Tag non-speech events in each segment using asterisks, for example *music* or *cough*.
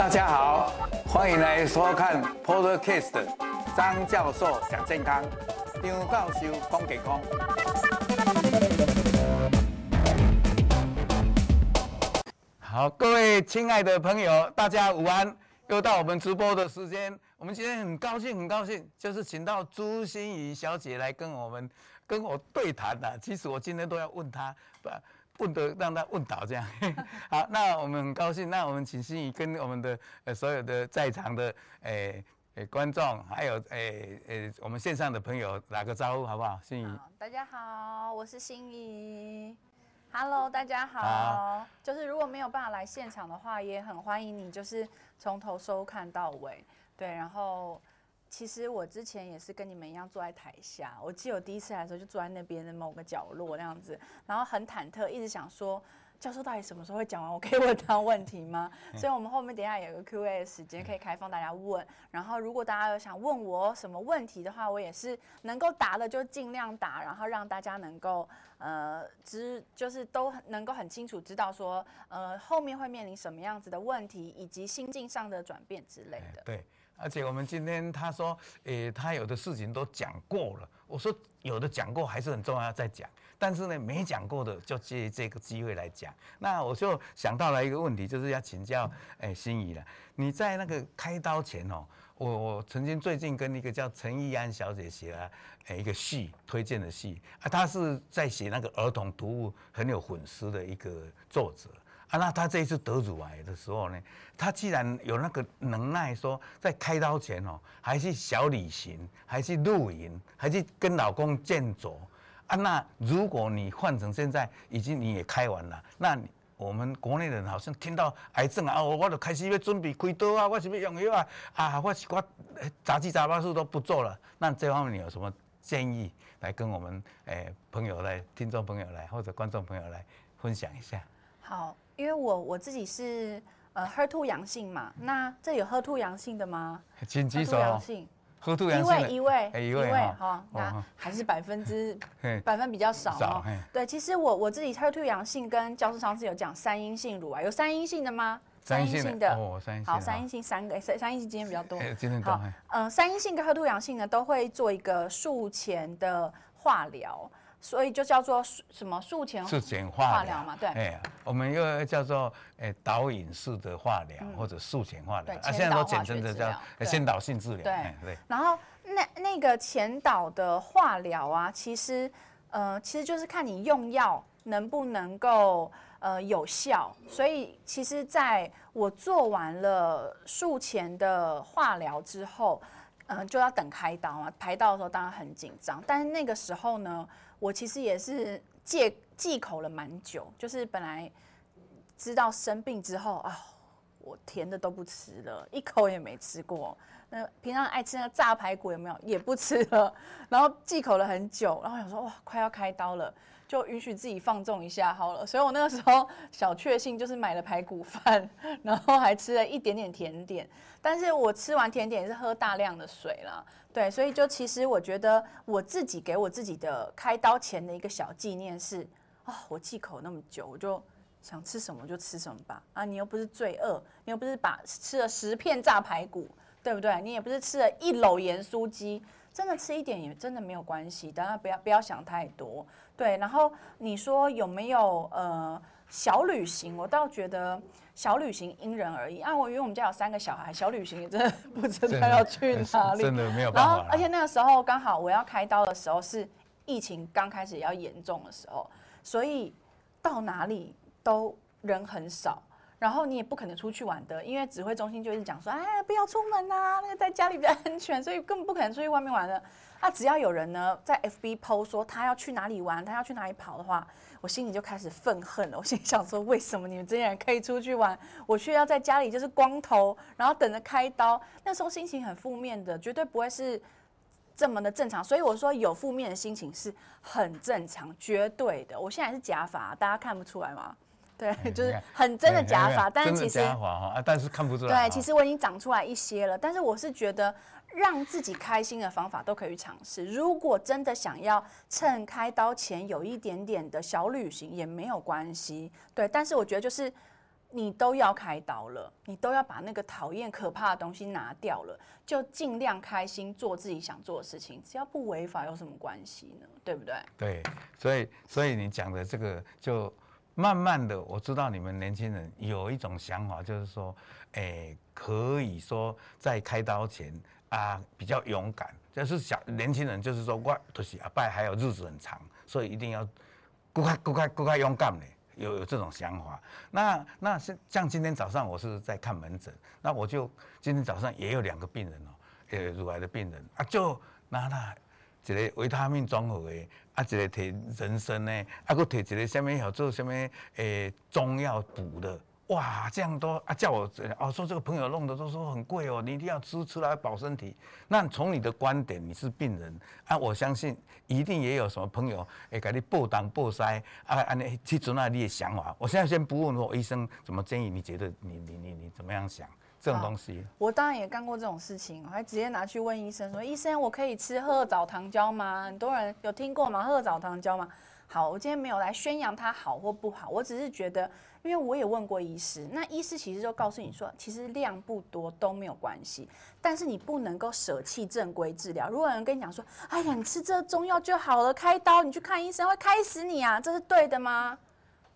大家好，歡迎來收看 Podcast 張教授講健康，有教授講給康。好，各位親愛的朋友，大家午安，又到我們直播的時間。我們今天很高興，很高興，就是請到朱芯儀小姐來跟我們跟我對談，其實我今天都要問她。不問的讓他問倒這樣， *laughs* 好，那我們很高興，那我們請芯儀跟我們的、呃、所有的在場的誒誒、欸欸、觀眾，還有誒誒、欸欸、我們線上的朋友打個招呼好不好？芯儀。大家好，我是芯儀。Hello，大家好。好。就是如果沒有辦法來現場的話，也很歡迎你，就是從頭收看到尾，對，然後。其實我之前也是跟你們一樣坐在台下，我記得我第一次來的時候就坐在那邊的某個角落那樣子，然後很忐忑，一直想說教授到底什麼時候會講完，我可以問他問題嗎？所以我們後面等一下有個 Q&A 的時間可以開放大家問，然後如果大家有想問我什麼問題的話，我也是能夠答的就儘量答，然後讓大家能夠呃知，就是都能夠很清楚知道說呃後面會面臨什麼樣子的問題，以及心境上的轉變之類的。對。.而且我們今天他說，誒、欸，他有的事情都講過了。我說有的講過還是很重要，要再講，但是呢，沒講過的就借這個機會來講。那我就想到了一個問題，就是要請教誒、欸、芯儀了。你在那個開刀前哦、喔，我我曾經最近跟一個叫陳怡安小姐寫了誒一個戲推薦的戲啊，她是在寫那個兒童讀物很有粉絲的一個作者。啊，那他這一次得乳癌的時候呢，他既然有那個能耐，說在開刀前哦，還是小旅行，還是露營，還是跟老公見着健走啊，那如果你換成現在已經你也開完了，那我們國內人好像聽到癌症啊，我都開始要準備開刀啊，我什麼用藥啊，啊，我我雜七雜八事都不做了，那這方面你有什麼建議來跟我們、欸、朋友來聽眾朋友來或者觀眾朋友來分享一下？好。因為我我自己是呃 Her2 陽性嘛，那這有 Her2 陽性的嗎？請舉手。Her2 陽性，一位一位一位哈，那還是百分之百分比較少哦。對，其實我我自己 Her2 陽性，跟教授上次有講三陰性乳癌，有三陰性的嗎？三陰性的哦，三陰性。好，三陰性三個三三陰性今天比較多。好，嗯，三陰性跟 Her2 陽性呢，都會做一個術前的化療。所以就叫做什麼術前術前化療嘛？對，哎，我們又叫做哎導引式的化療或者術前化療，嗯、啊，現在都簡稱的叫先導性治療。對對。然後那那個前導的化療啊，其實呃，其實就是看你用藥能不能夠呃有效。所以其實在我做完了術前的化療之後，呃，就要等開刀啊。排刀的時候當然很緊張，但是那個時候呢。我其實也是戒忌口了蠻久，就是本來知道生病之後啊，我甜的都不吃了，一口也沒吃過。那平常愛吃那個炸排骨有沒有？也不吃了。然後忌口了很久，然後我想說哇，快要開刀了，就允許自己放縱一下好了。所以我那個時候小確幸就是買了排骨飯，然後還吃了一點點甜點。但是我吃完甜點也是喝大量的水啦。對，所以就其實我覺得我自己給我自己的開刀前的一個小紀念是啊、哦，我忌口那麼久，我就想吃什麼就吃什麼吧。啊，你又不是罪惡，你又不是把吃了十片炸排骨，對不對？你也不是吃了一簍鹽酥雞，真的吃一點也真的沒有關係。當然不要不要想太多。對，然後你說有沒有呃？小旅行，我倒覺得小旅行因人而異。啊，我因為我們家有三個小孩，小旅行也真的不知道要去哪裡。真的沒有辦法。而且那個時候剛好我要開刀的時候是疫情剛開始要嚴重的時候，所以到哪裡都人很少。然後你也不可能出去玩的，因為指揮中心就一直講說，哎呀，不要出門吶、啊，那個在家裡比較安全，所以根本不可能出去外面玩的。啊，只要有人呢在 FB post 說他要去哪裡玩，他要去哪裡跑的話，我心裡就開始憤恨了。我心裡想說，為什麼你們這些人可以出去玩，我卻要在家裡就是光頭，然後等着開刀？那時候心情很負面的，絕對不會是這麼的正常。所以我說，有負面的心情是很正常，絕對的。我現在是假髮，大家看不出來嗎？對，就是很真的假髮，哎、真的假髮。但是其實、啊，但是看不出來。對，其實我已經長出來一些了，啊、但是我是覺得讓自己開心的方法都可以嘗試。如果真的想要趁開刀前有一點點的小旅行也沒有關係。對，但是我覺得就是你都要開刀了，你都要把那個討厭可怕的東西拿掉了，就盡量開心做自己想做的事情，只要不違法有什麼關係呢？對不對？對，所以所以你講的這個就。慢慢的，我知道你們年輕人有一種想法，就是說，哎、欸，可以說在開刀前啊比較勇敢，就是想年輕人就是說我都是阿拜，還有日子很長，所以一定要更加更加更加勇敢的，有有這種想法。那那像像今天早上我是在看門診，那我就今天早上也有兩個病人哦，呃、欸，乳癌的病人啊，就拿那。一個維他命綜合的，啊一個摕人參呢，啊佫摕一個蝦米叫做什米誒、欸、中藥補的，哇，這樣都啊叫我哦、啊、說這個朋友弄的都說很貴哦，你一定要吃吃來保身體。那從你的觀點，你是病人啊，我相信一定也有什麼朋友誒給你補東補西啊，安尼去轉啊你的想法。我現在先不問我醫生怎麼建議，你覺得你你你你怎麼樣想？這種東西我當然也幹過這種事情，我還直接拿去問醫生說，說醫生，我可以吃褐藻糖膠嗎？很多人有聽過嗎？褐藻糖膠嗎？好，我今天沒有來宣揚它好或不好，我只是覺得，因為我也問過醫師，那醫師其實就告訴你說，其實量不多都沒有關係，但是你不能夠舍棄正規治療。如果有人跟你講說，哎呀，你吃這個中藥就好了，開刀你去看醫生會開死你啊，這是對的嗎？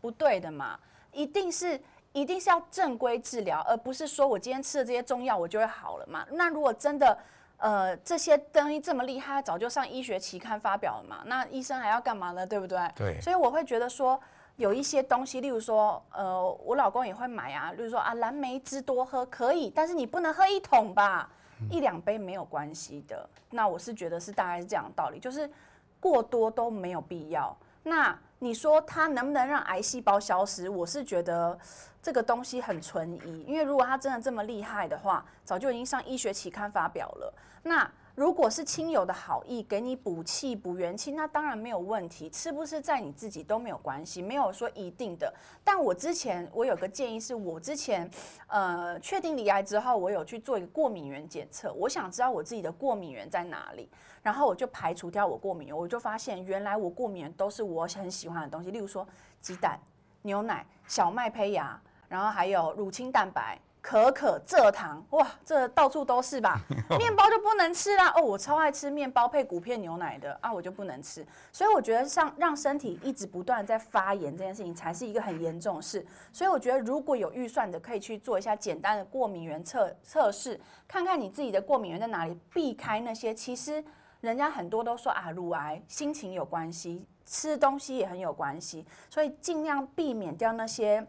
不對的嘛，一定是。一定是要正規治療，而不是說我今天吃的這些中藥我就會好了嘛？那如果真的，呃，這些東西這麼厲害，早就上醫學期刊發表了嘛？那醫生還要幹嘛呢？對不對？對。所以我會覺得說，有一些東西，例如說，呃，我老公也會買啊。例如說啊，藍莓汁多喝可以，但是你不能喝一桶吧？嗯。一兩杯沒有關係的。那我是覺得是大概是這樣的道理，就是過多都沒有必要。那你說它能不能讓癌細胞消失？我是覺得這個東西很存疑，因為如果它真的這麼厲害的話，早就已經上醫學期刊發表了。那如果是親友的好意，給你補氣、補元氣，那當然沒有問題，吃不吃在你自己都沒有關係，沒有說一定的。但我之前我有個建議是，我之前呃確定罹癌之後，我有去做一個過敏原檢測，我想知道我自己的過敏原在哪裡，然後我就排除掉我過敏原，我就發現原來我過敏原都是我很喜歡的東西，例如說雞蛋、牛奶、小麥胚芽，然後還有乳清蛋白。可可蔗糖，哇，這到處都是吧？麵包就不能吃啦？哦，我超愛吃麵包配谷片牛奶的啊，我就不能吃。所以我覺得，像讓身體一直不斷在發炎這件事情，才是一個很嚴重的事。所以我覺得，如果有預算的，可以去做一下簡單的過敏原測測試，看看你自己的過敏原在哪裡，避開那些。其實，人家很多都說啊，乳癌、心情有關係，吃東西也很有關係，所以盡量避免掉那些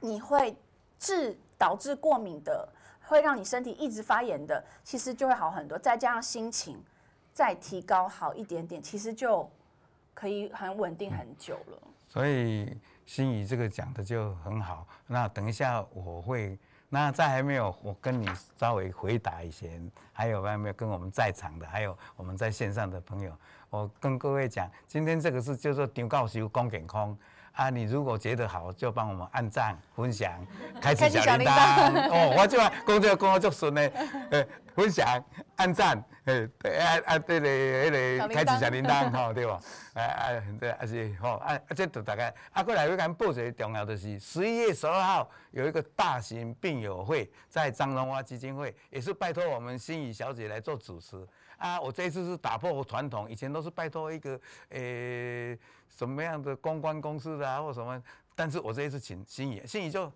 你會治。導致過敏的，會讓你身體一直發炎的，其實就會好很多。再加上心情再提高好一點點，其實就可以很穩定很久了。嗯，所以芯儀這個講的就很好。那等一下我會，那在還沒有我跟你稍微回答一些，還有外面有跟我們在場的，還有我們在線上的朋友，我跟各位講，今天這個是叫做張教授講健康。啊，你如果覺得好，就幫我們按讚、分享、開啟小鈴鐺。 *laughs* 哦，我就工作工作做順嘞，呃、欸，分享、按讚，呃，對啊啊，對那個那，那開啟小鈴鐺，吼、 *laughs* 喔，對不？啊啊，還是吼、喔、啊這就大概。啊，過來要講報一個重要東西，十一月十二號有一個大型病友會，在張龍蛙基金會，也是拜託我們芯儀小姐來做主持。啊，我這一次是打破傳統，以前都是拜托一個誒、欸、什麼樣的公關公司的啊或什麼，但是我這一次請芯儀，芯儀就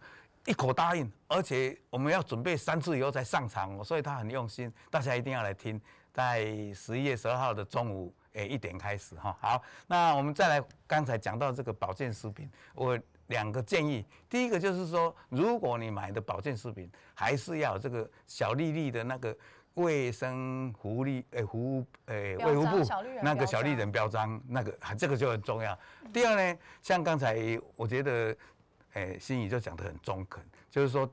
一口答應，而且我們要準備三次以後才上場，所以他很用心，大家一定要來聽，在十一月十二號的中午誒一、欸、點開始哈。好，那我們再來剛才講到這個保健食品，我兩個建議，第一個就是說，如果你買的保健食品還是要這個小粒粒的那個。衛生福利誒，服、欸、誒，衛福、欸、髮部標標那個小綠人標章，那個、啊、這個就很重要。嗯、第二呢，像剛才我覺得誒、欸，芯儀就講的很中肯，就是說，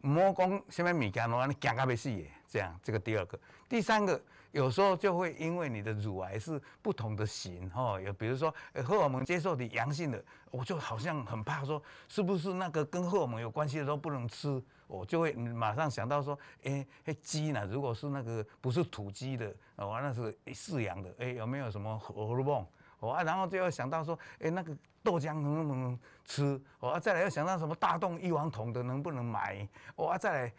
摸光蝦米米干儂你講噶貝是也這樣。這個第二個，第三個，有時候就會因為你的乳癌是不同的型哦，有比如說、欸、荷爾蒙接受的陽性的，我就好像很怕說，是不是那個跟荷爾蒙有關係的都不能吃？我就會馬上想到說，哎、欸，雞呢？如果是那個不是土雞的，我那是飼養的，哎、欸，有沒有什麼荷爾蒙？啊，然後就要想到說，哎，那個豆漿能不能吃？我再來又想到什麼大豆異黃酮的能不能買？我再來，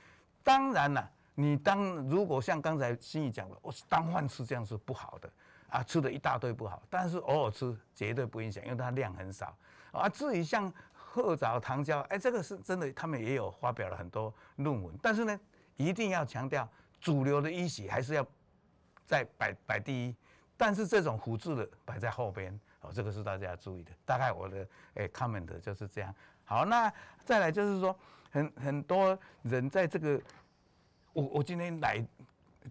當然啦、啊，你當如果像剛才芯儀講的，我是當飯吃這樣是不好的啊，吃的一大堆不好。但是偶爾吃絕對不影響，因為它量很少。啊，至於像。褐藻糖膠，哎、欸，這個是真的，他們也有發表了很多論文。但是呢，一定要強調主流的醫學還是要在擺擺第一，但是這種輔助的擺在後邊，哦，這個是大家要注意的。大概我的誒 comment 就是這樣。好，那再來就是說，很很多人在這個，我我今天來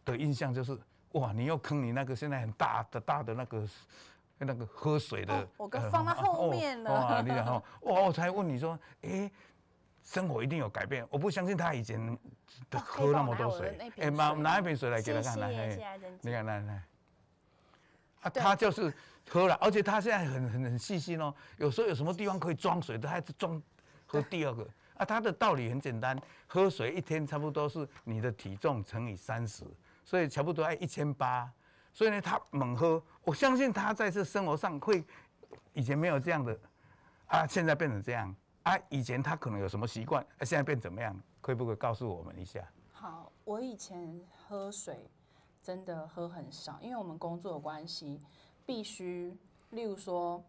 的印象就是，哇，你又坑你那個現在很大的大的那個。那個喝水的，我剛放在後面了。哇！我才問你說，哎，生活一定有改變，我不相信他以前都喝那麼多水。哎，拿一瓶水來給他看看。哎，你看，來來。啊，他就是喝了，而且他現在很很很細心哦。有時候有什麼地方可以裝水，他還是裝。喝第二個啊，他的道理很簡單，喝水一天差不多是你的體重乘以三十，所以差不多要一千八。所以呢，他猛喝。我相信他在這生活上會，以前沒有這樣的，啊，現在變成這樣啊。以前他可能有什麼習慣，啊，現在變怎麼樣？可不可以告訴我們一下？好，我以前喝水真的喝很少，因為我們工作的關係必須，例如說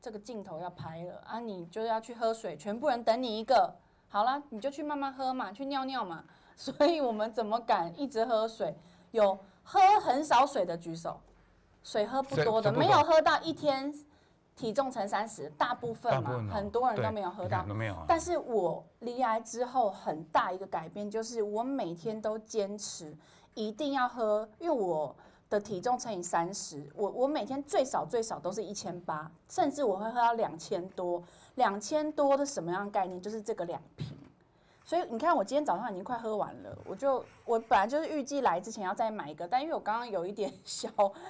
這個鏡頭要拍了啊，你就要去喝水，全部人等你一個，好了，你就去慢慢喝嘛，去尿尿嘛。所以我們怎麼敢一直喝水？有。喝很少水的舉手，水喝不多的，沒有喝到一天體重乘三十，大部分嘛，很多人都沒有喝到，但是我罹癌之後，很大一個改變就是我每天都堅持一定要喝，因為我的體重乘以三十，我我每天最少最少都是一千八，甚至我會喝到兩千多，兩千多的什麼樣概念？就是這個兩瓶。所以你看，我今天早上已經快喝完了，我就我本來就是預計來之前要再買一個，但因為我剛剛有一點小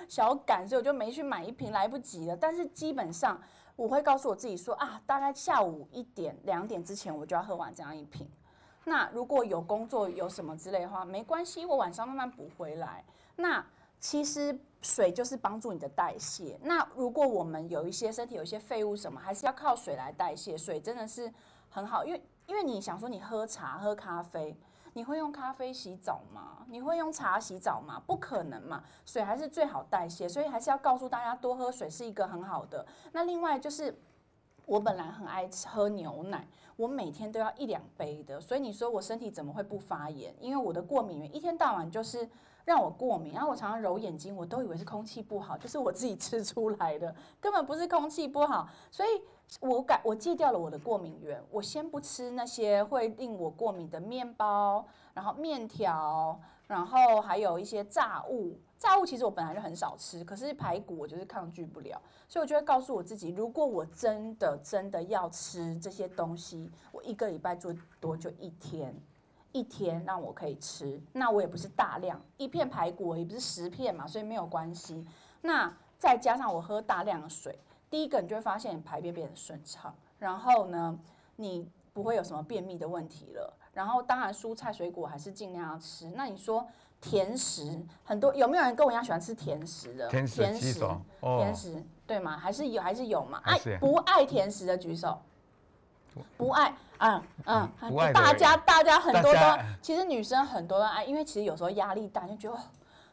小趕，所以我就沒去買一瓶，來不及了。但是基本上我會告訴我自己說啊，大概下午一點、兩點之前我就要喝完這樣一瓶。那如果有工作、有什麼之類的話，沒關係，我晚上慢慢補回來。那其實水就是幫助你的代謝。那如果我們有一些身體、有一些廢物什麼，還是要靠水來代謝。水真的是很好，因為，因為你想說你喝茶喝咖啡，你會用咖啡洗澡嗎？你會用茶洗澡嗎？不可能嘛，水還是最好代謝，所以還是要告訴大家多喝水是一個很好的。那另外就是，我本來很愛喝牛奶，我每天都要一兩杯的，所以你說我身體怎麼會不發炎？因為我的過敏原一天到晚就是讓我過敏，然後我常常揉眼睛，我都以為是空氣不好，就是我自己吃出來的，根本不是空氣不好，所以。我改，我戒掉了我的過敏源。我先不吃那些會令我過敏的麵包，然後麵條，然後還有一些炸物。炸物其實我本來就很少吃，可是排骨我就是抗拒不了。所以我就會告訴我自己，如果我真的真的要吃這些東西，我一個禮拜最多就一天，一天讓我可以吃，那我也不是大量，一片排骨也不是十片嘛，所以沒有關係。那再加上我喝大量的水。第一個，你就會發現你排便變得順暢，然後呢，你不會有什麼便秘的問題了。然後，當然蔬菜水果還是盡量要吃。那你說甜食，很多，有沒有人跟我一樣喜歡吃甜食的？甜食，甜食，甜食哦、對嗎？還是有，還是有嘛？愛、啊、是不愛甜食的舉手？嗯嗯嗯、不愛啊啊！大家大家很多都，家其實女生很多都愛，因為其實有時候壓力大，就覺得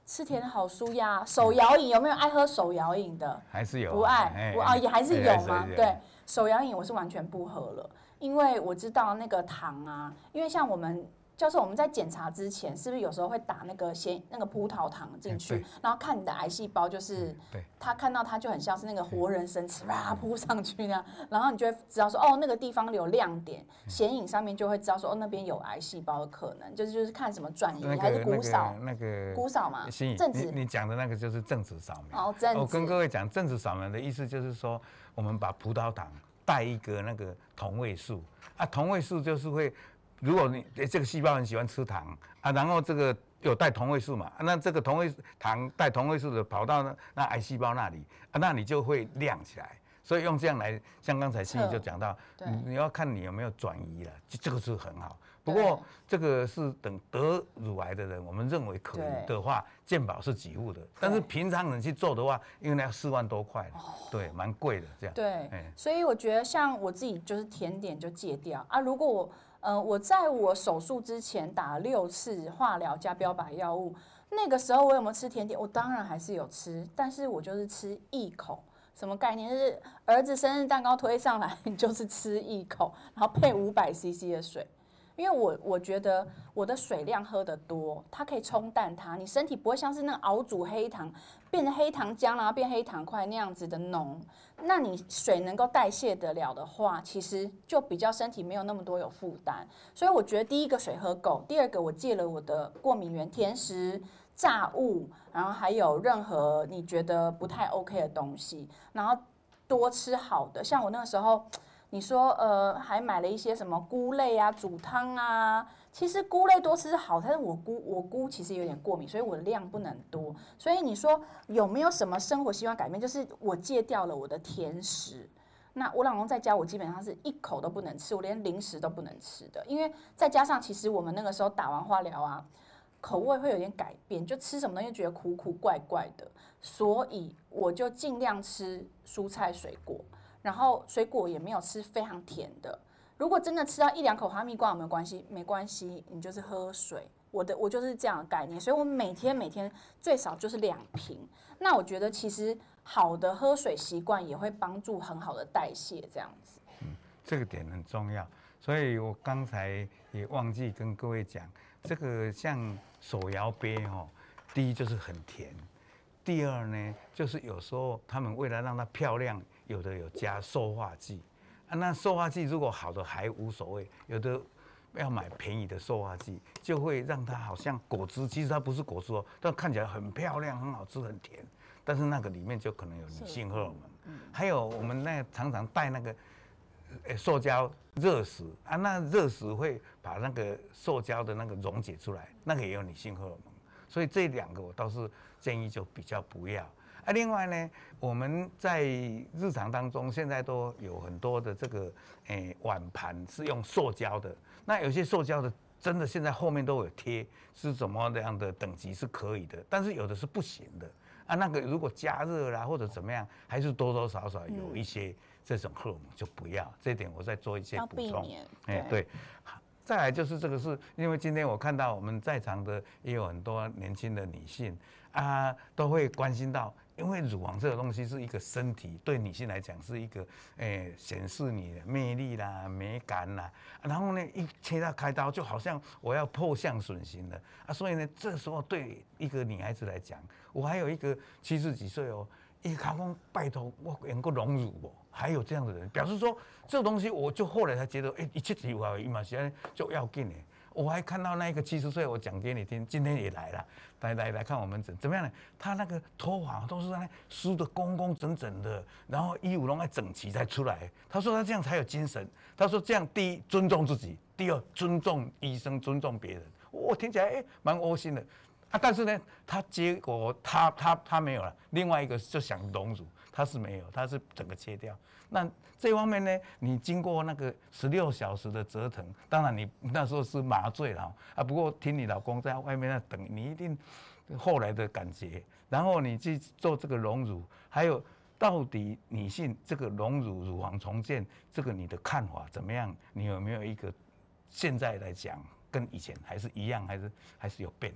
吃甜好紓壓！手搖飲，有沒有愛喝手搖飲的？還是有、啊、不愛不啊？也還是有嗎？對，手搖飲我是完全不喝了，因為我知道那個糖啊，因為像我們。教授，我們在檢查之前是不是有時候會打那個顯那個葡萄糖進去，然後看你的癌細胞就是，他看到它就很像是那個活人生吃，啪撲上去那樣，然後你就會知道說哦那個地方有亮點，顯影上面就會知道說哦那邊有癌細胞的可能，就是就是看什麼轉移還是骨掃那個骨掃嘛，正子你講的那個就是正子掃描。哦我跟各位講正子掃描的意思就是說，我們把葡萄糖帶一個那個同位素啊，同位素就是會。如果你這個細胞很喜歡吃糖啊，然後這個有帶同位素嘛，那這個同位糖帶同位素的跑到那那癌細胞那裡、啊、那你就會亮起來。所以用這樣來，像剛才芯儀就講到，嗯、你要看你有沒有轉移了、啊，這這個是很好。不過這個是等得乳癌的人，我們認為可以的話。健保是幾物的，但是平常人去做的話，對因為那要四萬多塊，對，蠻貴的這樣。對，欸、所以我覺得像我自己就是甜點就戒掉啊。如果我，嗯、呃，我在我手術之前打六次化療加標靶藥物，那個時候我有沒有吃甜點？我當然還是有吃，但是我就是吃一口，什麼概念？就是兒子生日蛋糕推上來，你就是吃一口，然後配五百 CC 的水。嗯因為我我覺得我的水量喝得多，它可以沖淡它，你身體不會像是那熬煮黑糖，變成黑糖漿，然後變黑糖塊那樣子的濃。那你水能夠代謝得了的話，其實就比較身體沒有那麼多有負擔。所以我覺得第一個水喝夠，第二個我戒了我的過敏原，甜食、炸物，然後還有任何你覺得不太 OK 的東西，然後多吃好的。像我那個時候。你說呃，還買了一些什麼菇類啊，煮湯啊。其實菇類多吃是好，但是我菇我菇其實有點過敏，所以我的量不能多。所以你說有沒有什麼生活習慣改變？就是我戒掉了我的甜食。那我老公在家，我基本上是一口都不能吃，我連零食都不能吃的。因為再加上其實我們那個時候打完化療啊，口味會有點改變，就吃什麼東西覺得苦苦怪怪的，所以我就盡量吃蔬菜水果。然後水果也沒有吃非常甜的，如果真的吃到一兩口哈密瓜，有沒有關係？沒關係，你就是喝水。我的我就是這樣的概念，所以我每天每天最少就是兩瓶。那我覺得其實好的喝水習慣也會幫助很好的代謝，這樣子。嗯，這個點很重要，所以我剛才也忘記跟各位講，這個像手搖杯哦，第一就是很甜，第二呢就是有時候他們為了讓它漂亮。有的有加塑化劑，啊，那塑化劑如果好的還無所謂，有的要買便宜的塑化劑，就會讓它好像果汁，其實它不是果汁哦，但看起來很漂亮、很好吃、很甜，但是那個裡面就可能有女性荷爾蒙。嗯，還有我們那個常常帶那個，呃，塑膠熱食啊，那熱食會把那個塑膠的那個溶解出來，那個也有女性荷爾蒙，所以這兩個我倒是建議就比較不要。啊，另外呢，我們在日常當中現在都有很多的這個誒、欸、碗盤是用塑膠的，那有些塑膠的真的現在後面都有貼是怎麼樣的等級是可以的，但是有的是不行的啊，那個如果加熱啦或者怎麼樣，還是多多少少有一些這種荷爾蒙，就不要。這一點我再做一些補充。要避免，對，、欸、對。再來就是這個是，因為今天我看到我們在場的也有很多年輕的女性啊，都會關心到。因為乳房這個東西是一個身體，對女性來講是一個，誒、欸，顯示你的魅力啦、美感啦。然後呢，一切到開刀，就好像我要破相損形了啊。所以呢，這時候對一個女孩子來講，我還有一個七十幾歲哦，一開光拜託我能夠容忍我還有這樣的人，表示說這個東西，我就後來才覺得，誒、欸，一切只有阿姨媽先就要緊的。我還看到那一個七十歲，我講給你聽，今天也來了，來來來看我們怎怎麼樣呢？他那個頭髮都是梳的工工整整的，然後衣服弄的整齊才出來。他說他這樣才有精神。他說這樣第一尊重自己，第二尊重醫生，尊重別人。我聽起來哎蠻窩心的，啊，但是呢，他結果他他他沒有了。另外一個就想榮辱。它是沒有，它是整個切掉。那這方面呢，你經過那個十六小時的折騰，當然你那時候是麻醉了啊。不過聽你老公在外面那等，你一定後來的感覺。然後你去做這個隆乳，還有到底女性這個隆乳、乳房重建，這個你的看法怎麼樣？你有沒有一個現在來講跟以前還是一樣，還是還是有變？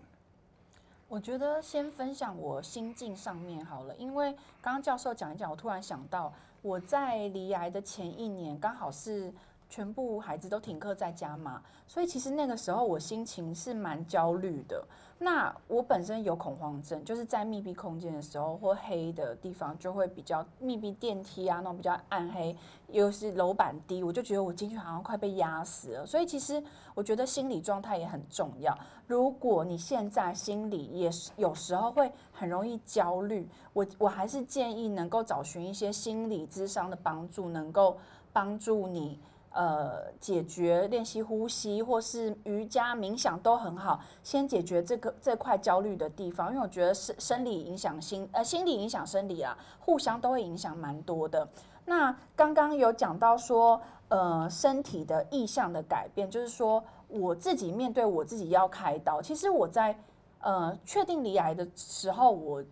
我覺得先分享我心境上面好了，因為剛剛教授講一講，我突然想到，我在罹癌的前一年，剛好是。全部孩子都停課在家嘛，所以其實那個時候我心情是蠻焦慮的。那我本身有恐慌症，就是在密閉空間的時候或黑的地方就會比較密閉電梯啊，那種比較暗黑，又是樓板低，我就覺得我進去好像快被壓死了。所以其實我覺得心理狀態也很重要。如果你現在心理也是有時候會很容易焦慮，我我還是建議能夠找尋一些心理諮商的幫助，能夠幫助你。呃，解決練習呼吸或是瑜伽、冥想都很好。先解決這個這塊焦慮的地方，因為我覺得生生理影響心，呃，心理影響生理啊，互相都會影響蠻多的。那剛剛有講到說，呃，身體的意向的改變，就是說我自己面對我自己要開刀。其實我在呃確定罹癌的時候，我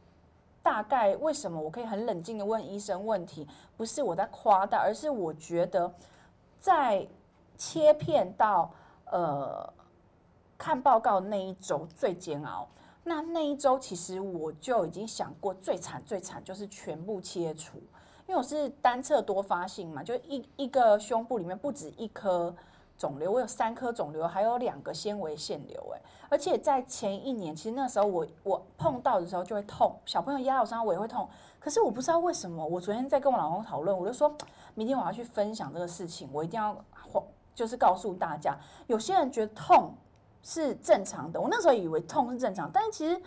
大概為什麼我可以很冷靜地問醫生問題？不是我在誇大，而是我覺得。在切片到呃看報告那一周最煎熬，那那一周其實我就已經想過最慘最慘就是全部切除，因為我是單側多發性嘛，就一一個胸部裡面不止一顆腫瘤，我有三顆腫瘤，還有兩個纖維腺瘤，欸，哎，而且在前一年，其實那時候我我碰到的時候就會痛，小朋友壓到我身上我也會痛，可是我不知道為什麼，我昨天在跟我老公討論，我就說。明天我要去分享這個事情，我一定要，就是告訴大家，有些人覺得痛是正常的。我那時候以為痛是正常，但是其實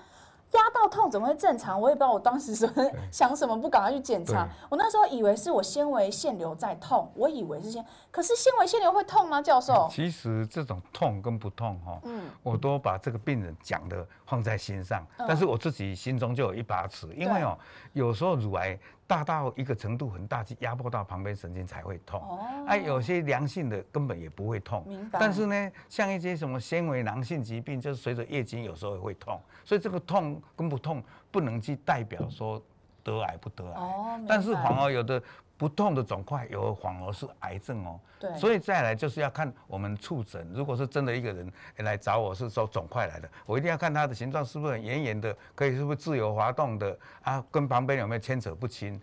壓到痛怎麼會正常？我也不知道我當時是對想什麼，不趕快去檢查。對我那時候以為是我纖維腺瘤在痛，我以為是纖。可是纖維腺瘤會痛嗎？教授，其實這種痛跟不痛哈，嗯，我都把這個病人講的放在心上，嗯、但是我自己心中就有一把尺，因為哦、喔，對有時候乳癌。大到一個程度很大，去壓迫到旁邊神經才會痛。哎、哦啊，有些良性的根本也不會痛。明白。但是呢，像一些什麼纖維囊性疾病，就隨着月經有時候也會痛。所以這個痛跟不痛不能去代表說得癌不得癌。哦、但是反而有的。不痛的腫塊，有反而是癌症哦。對，所以再來就是要看我們觸診。如果是真的一個人來找我是說腫塊來的，我一定要看它的形狀是不是很圓圓的，可以是不是自由滑動的啊，跟旁邊有沒有牽扯不清。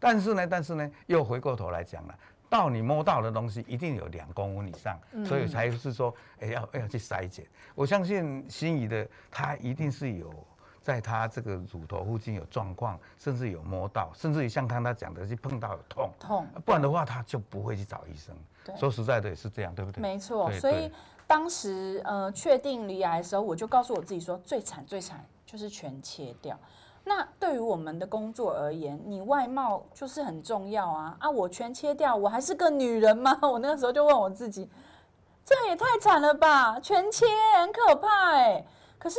但是呢，但是呢，又回過頭來講了，到你摸到的東西一定有兩公分以上，所以才是說哎，要要去篩檢。我相信心儀的他一定是有。在她這個乳頭附近有狀況，甚至有摸到，甚至於像她講的是碰到有痛，痛，不然的話她就不會去找醫生。對說實在的也是這樣，對不對？沒錯錯。對所以當時呃確定罹癌的時候，我就告訴我自己說，最慘最慘就是全切掉。那對於我們的工作而言，你外貌就是很重要啊啊！我全切掉，我還是個女人嗎？我那個時候就問我自己，這也太慘了吧，全切很可怕哎。可是。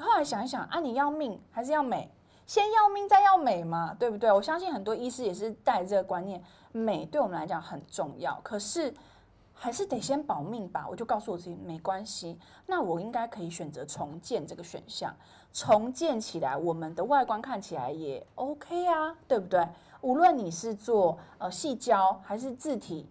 後來想一想啊，你要命還是要美？先要命再要美嘛，對不對？我相信很多醫師也是帶這個觀念，美對我們來講很重要，可是還是得先保命吧。我就告訴我自己沒關係，那我應該可以選擇重建這個選項，重建起來我們的外觀看起來也 OK 啊，對不對？無論你是做呃矽膠還是自體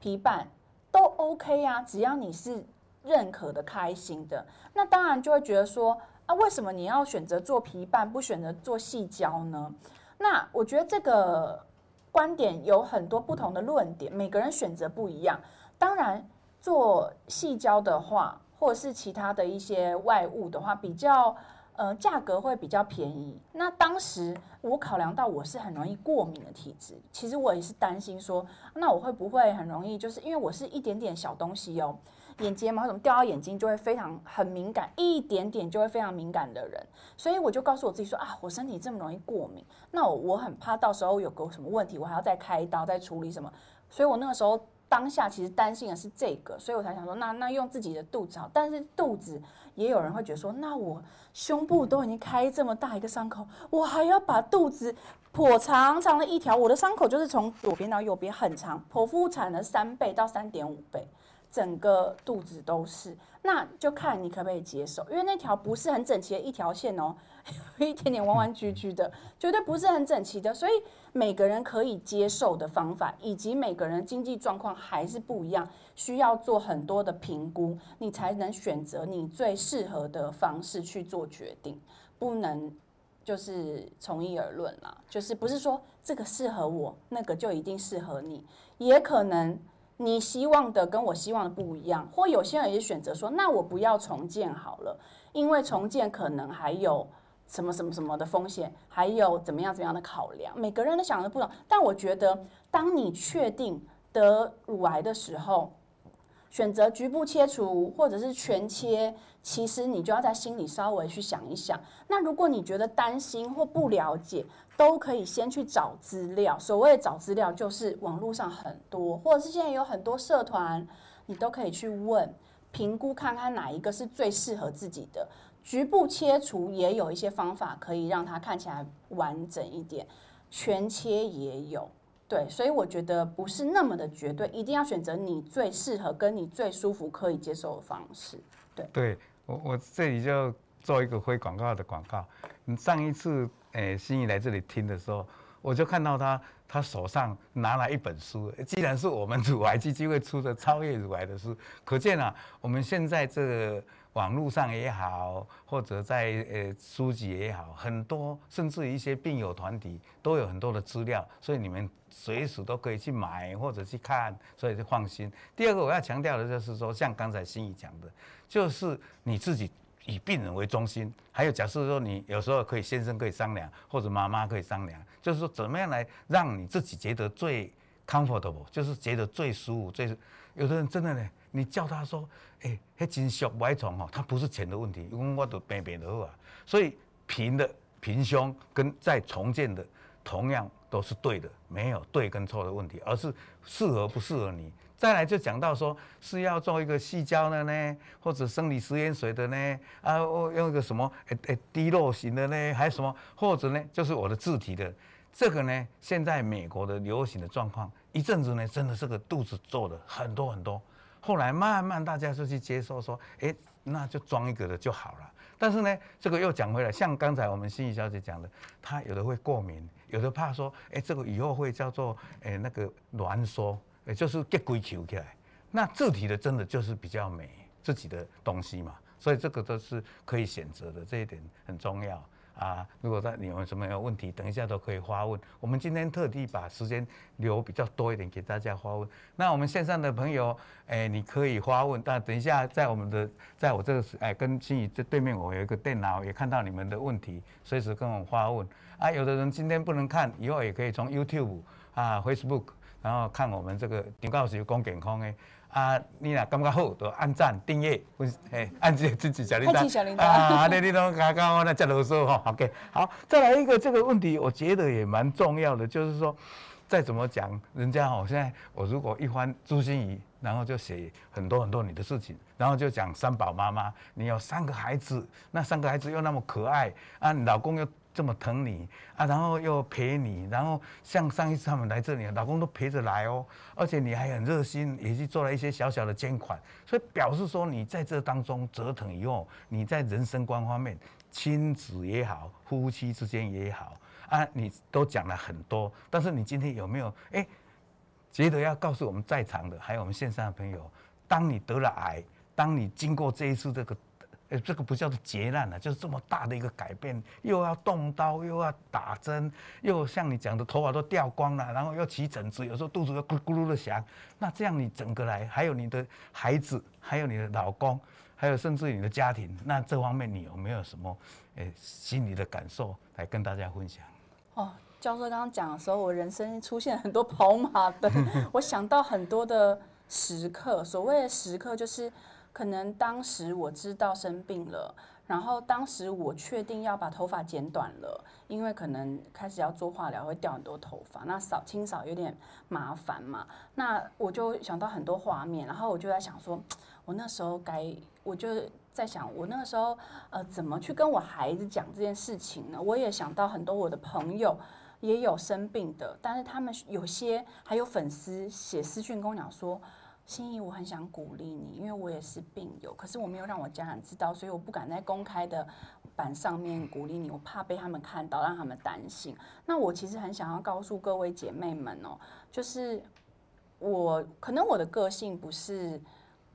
皮瓣都 OK 啊，只要你是認可的、開心的，那當然就會覺得說。那為什麼你要選擇做皮瓣，不選擇做矽膠呢？那我覺得這個觀點有很多不同的論點，每個人選擇不一樣。當然，做矽膠的話，或者是其他的一些外物的話，比較呃價格會比較便宜。那當時我考量到我是很容易過敏的體質，其實我也是擔心說，那我會不會很容易，就是因為我是一點點小東西哦。眼睫毛怎麼掉到眼睛就會非常很敏感，一點點就會非常敏感的人，所以我就告訴我自己說啊，我身體這麼容易過敏，那我，我很怕到時候有個什麼問題，我還要再開刀再處理什麼，所以我那個時候當下其實擔心的是這個，所以我才想說那那用自己的肚子，好。但是肚子也有人會覺得說，那我胸部都已經開這麼大一個傷口，我還要把肚子剖長長的一條，我的傷口就是從左邊到右邊很長，剖腹產的三倍到三點五倍。整個肚子都是，那就看你可不可以接受，因為那條不是很整齊的一條線哦，有一點點彎彎曲曲的，絕對不是很整齊的。所以每個人可以接受的方法，以及每個人經濟狀況還是不一樣，需要做很多的評估，你才能選擇你最適合的方式去做決定，不能就是從一而論啦，就是不是說這個適合我，那個就一定適合你，也可能。你希望的跟我希望的不一樣，或有些人也選擇說，那我不要重建好了，因為重建可能還有什麼什麼什麼的風險，還有怎麼樣怎麼樣的考量，每個人都想的不同。但我覺得，當你確定得乳癌的時候，選擇局部切除或者是全切，其實你就要在心裡稍微去想一想。那如果你覺得擔心或不了解，都可以先去找資料。所謂的找資料，就是網絡上很多，或者是現在有很多社團，你都可以去問，評估看看哪一個是最適合自己的。局部切除也有一些方法可以讓它看起來完整一點，全切也有。對，所以我覺得不是那麼的絕對，一定要選擇你最適合、跟你最舒服、可以接受的方式。對，對我我這裡就做一個非廣告的廣告。你上一次誒，芯儀來這裡聽的時候，我就看到他他手上拿了一本書。既然是我們乳癌基金會出的超越乳癌的書，可見啊，我們現在這個。網絡上也好，或者在呃書籍也好，很多甚至一些病友團體都有很多的資料，所以你們隨時都可以去買或者去看，所以就放心。第二個我要強調的就是說，像剛才芯儀講的，就是你自己以病人為中心。還有，假設說你有時候可以先生可以商量，或者媽媽可以商量，就是說怎麼樣來讓你自己覺得最 comfortable，就是覺得最舒服、最有的人真的呢。你叫他說，哎、欸，那金小歪蟲，它不是錢的問題，因為我都平平的啊。所以平的平胸跟再重建的，同樣都是對的，沒有對跟錯的問題，而是適合不適合你。再來就講到說是要做一個矽膠的呢，或者生理食鹽水的呢，啊，用一個什麼，哎、欸、哎、欸，低落型的呢，還什麼，或者呢，就是我的自體的。這個呢，現在美國的流行的狀況，一陣子呢，真的是個肚子做的很多很多。後來慢慢大家就去接受，說，哎、欸，那就裝一個的就好了。但是呢，這個又講回來，像剛才我們芯儀小姐講的，她有的會過敏，有的怕說，哎、欸，這個以後會叫做，哎、欸，那個攣縮，也、欸、就是結硅球起來。那自體的真的就是比較美，自己的東西嘛，所以這個都是可以選擇的，這一點很重要。啊，如果在你們什麼有問題，等一下都可以發問。我們今天特地把時間留比較多一點給大家發問。那我們線上的朋友，哎、欸，你可以發問。那等一下在我們的，在我這個哎、欸、跟芯儀這對面，我有一個電腦，也看到你們的問題，隨時跟我發問。啊，有的人今天不能看，以後也可以從 YouTube 啊、Facebook，然後看我們這個張教授講健康。 *music* 啊，你倆剛剛好，都按贊、訂閱，嘿，按這自己小鈴鐺，啊，好，你都剛剛那在囉嗦吼，OK，好，再來一個這個問題，我覺得也蠻重要的，就是說，再怎麼講，人家哦，現在我如果一翻朱芯儀，然後就寫很多很多你的事情，然後就講三寶媽媽，你有三個孩子，那三個孩子又那麼可愛，啊，你老公又。這麼疼你啊，然後又陪你，然後像上一次他們來這裡，老公都陪着來哦，而且你還很熱心，也去做了一些小小的捐款，所以表示說你在這當中折騰以後，你在人生觀方面，親子也好，夫妻之間也好，啊，你都講了很多。但是你今天有沒有誒、欸、覺得要告訴我們在場的，還有我們線上的朋友，當你得了癌，當你經過這一次這個。這個不叫做劫難了，啊，就是這麼大的一個改變，又要動刀，又要打針，又像你講的頭髮都掉光了，然後又起疹子，有時候肚子又咕嚕咕嚕的響。那這樣你整個來，還有你的孩子，還有你的老公，還有甚至你的家庭，那這方面你有沒有什麼誒、哎、心理的感受來跟大家分享？哦，教授剛剛講的時候，我人生出現很多跑馬燈， *laughs* 我想到很多的時刻。所謂的時刻就是。可能當時我知道生病了，然後當時我確定要把頭髮剪短了，因為可能開始要做化療會掉很多頭髮，那掃清掃有點麻煩嘛。那我就想到很多畫面，然後我就在想說，我那時候該，我就在想我那個時候呃怎麼去跟我孩子講這件事情呢？我也想到很多我的朋友也有生病的，但是他們有些還有粉絲寫私訊跟我講說，芯儀，我很想鼓勵你，因為我也是病友，可是我沒有讓我家人知道，所以我不敢在公開的版上面鼓勵你，我怕被他們看到，讓他們擔心。那我其實很想要告訴各位姐妹們哦、喔，就是我可能我的個性不是，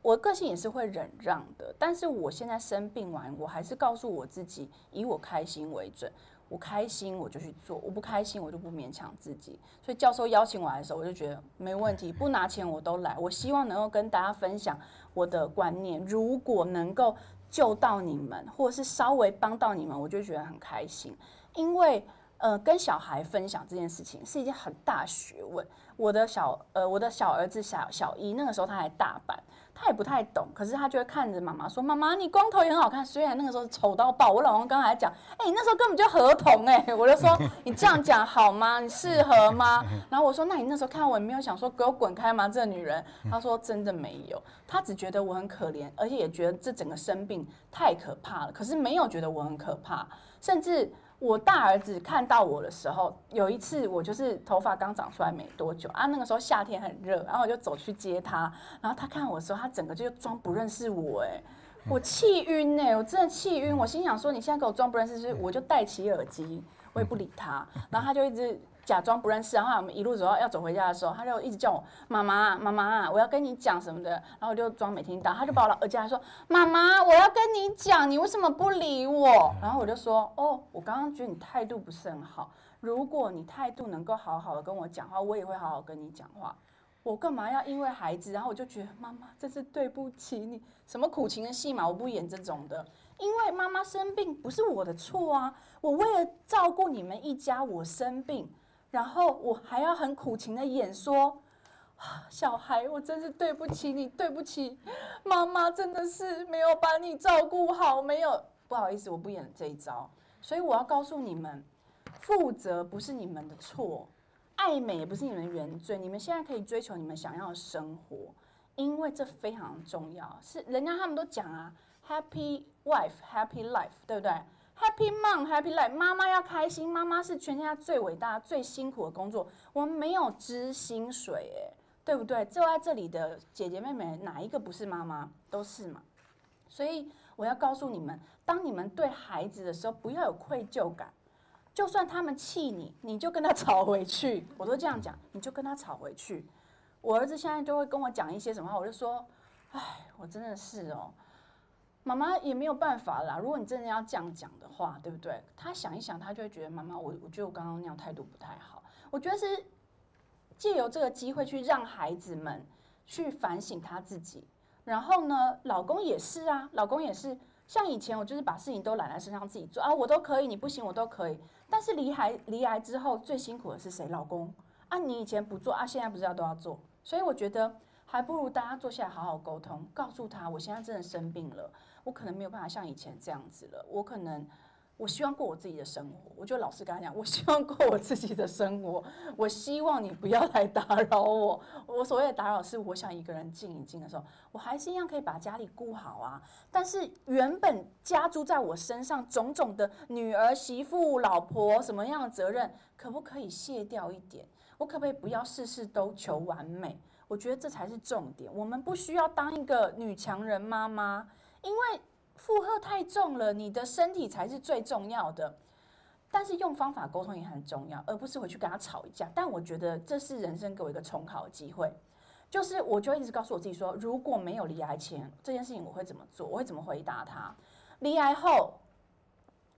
我個性也是會忍讓的，但是我現在生病完，我還是告訴我自己，以我開心為準。我開心我就去做，我不開心我就不勉強自己。所以教授邀請我來的時候，我就覺得沒問題，不拿錢我都來。我希望能夠跟大家分享我的觀念，如果能夠救到你們，或者是稍微幫到你們，我就覺得很開心。因為，呃，跟小孩分享這件事情是一件很大學問。我的小，呃，我的小兒子小小一，那個時候他還大班。他也不太懂，可是他就會看着媽媽說：“媽媽，你光頭也很好看。”雖然那個時候醜到爆，我老公剛才講：“哎、欸，你那時候根本就合同哎！”我就說：“你這樣講好嗎？你適合嗎？”然後我說：“那你那時候看我，也沒有想說給我滾開嗎？這個、女人。”他說：“真的沒有，他只覺得我很可憐，而且也覺得這整個生病太可怕了，可是沒有覺得我很可怕，甚至。”我大兒子看到我的時候，有一次我就是頭髮剛長出來沒多久啊，那個時候夏天很熱，然後我就走去接他，然後他看我的時候，他整個就裝不認識我哎、欸。我氣暈呢，我真的氣暈。我心想說，你現在給我裝不認識，是我就戴起耳機，我也不理他。然後他就一直假裝不認識。然後我們一路走到要走回家的時候，他就一直叫我媽媽，媽媽，我要跟你講什麼的。然後我就裝沒聽到。他就把我的耳機，還說媽媽，我要跟你講，你為什麼不理我？然後我就說，哦，我剛剛覺得你態度不是很好。如果你態度能夠好好的跟我講話，我也會好好跟你講話。我幹嘛要因為孩子，然後我就覺得媽媽真是對不起你，什麼苦情的戲嘛，我不演這種的。因為媽媽生病不是我的錯啊，我為了照顧你們一家，我生病，然後我還要很苦情的演說，小孩，我真是對不起你，對不起媽媽，媽媽真的是沒有把你照顧好，沒有，不好意思，我不演這一招。所以我要告訴你們，負責不是你們的錯。愛美也不是你們的原罪，你們現在可以追求你們想要的生活，因為這非常重要。是人家他們都講啊，Happy wife, happy life，對不對？Happy mom, happy life。媽媽要開心，媽媽是全天下最偉大、最辛苦的工作。我們沒有支薪水，欸，對不對？坐在這裡的姐姐妹妹，哪一個不是媽媽？都是嘛。所以我要告訴你們，當你們對孩子的時候，不要有愧疚感。就算他們氣你，你就跟他吵回去，我都這樣講，你就跟他吵回去。我兒子現在就會跟我講一些什麼話，我就說，唉，我真的是哦，媽媽也沒有辦法了啦。如果你真的要這樣講的話，對不對？他想一想，他就會覺得媽媽，我我覺得我剛剛那樣態度不太好。我覺得是借由這個機會去讓孩子們去反省他自己。然後呢，老公也是啊，老公也是，像以前我就是把事情都攬在身上自己做啊，我都可以，你不行，我都可以。但是罹癌罹癌之後最辛苦的是誰？老公啊，你以前不做啊，現在不是要都要做，所以我覺得還不如大家坐下來好好溝通，告訴他我現在真的生病了，我可能沒有辦法像以前這樣子了，我可能。我希望過我自己的生活，我就老實跟他講，我希望過我自己的生活。我希望你不要來打擾我。我所謂的打擾，是我想一個人靜一靜的時候，我還是一樣可以把家裡顧好啊。但是原本加諸在我身上種種的女兒、媳婦、老婆什麼樣的責任，可不可以卸掉一點？我可不可以不要事事都求完美？我覺得這才是重點。我們不需要當一個女強人媽媽，因為。負荷太重了，你的身體才是最重要的。但是用方法溝通也很重要，而不是回去跟他吵一架。但我覺得這是人生給我一個重考的機會，就是我就一直告訴我自己說，如果沒有罹癌前這件事情，我會怎麼做？我會怎麼回答他？罹癌後，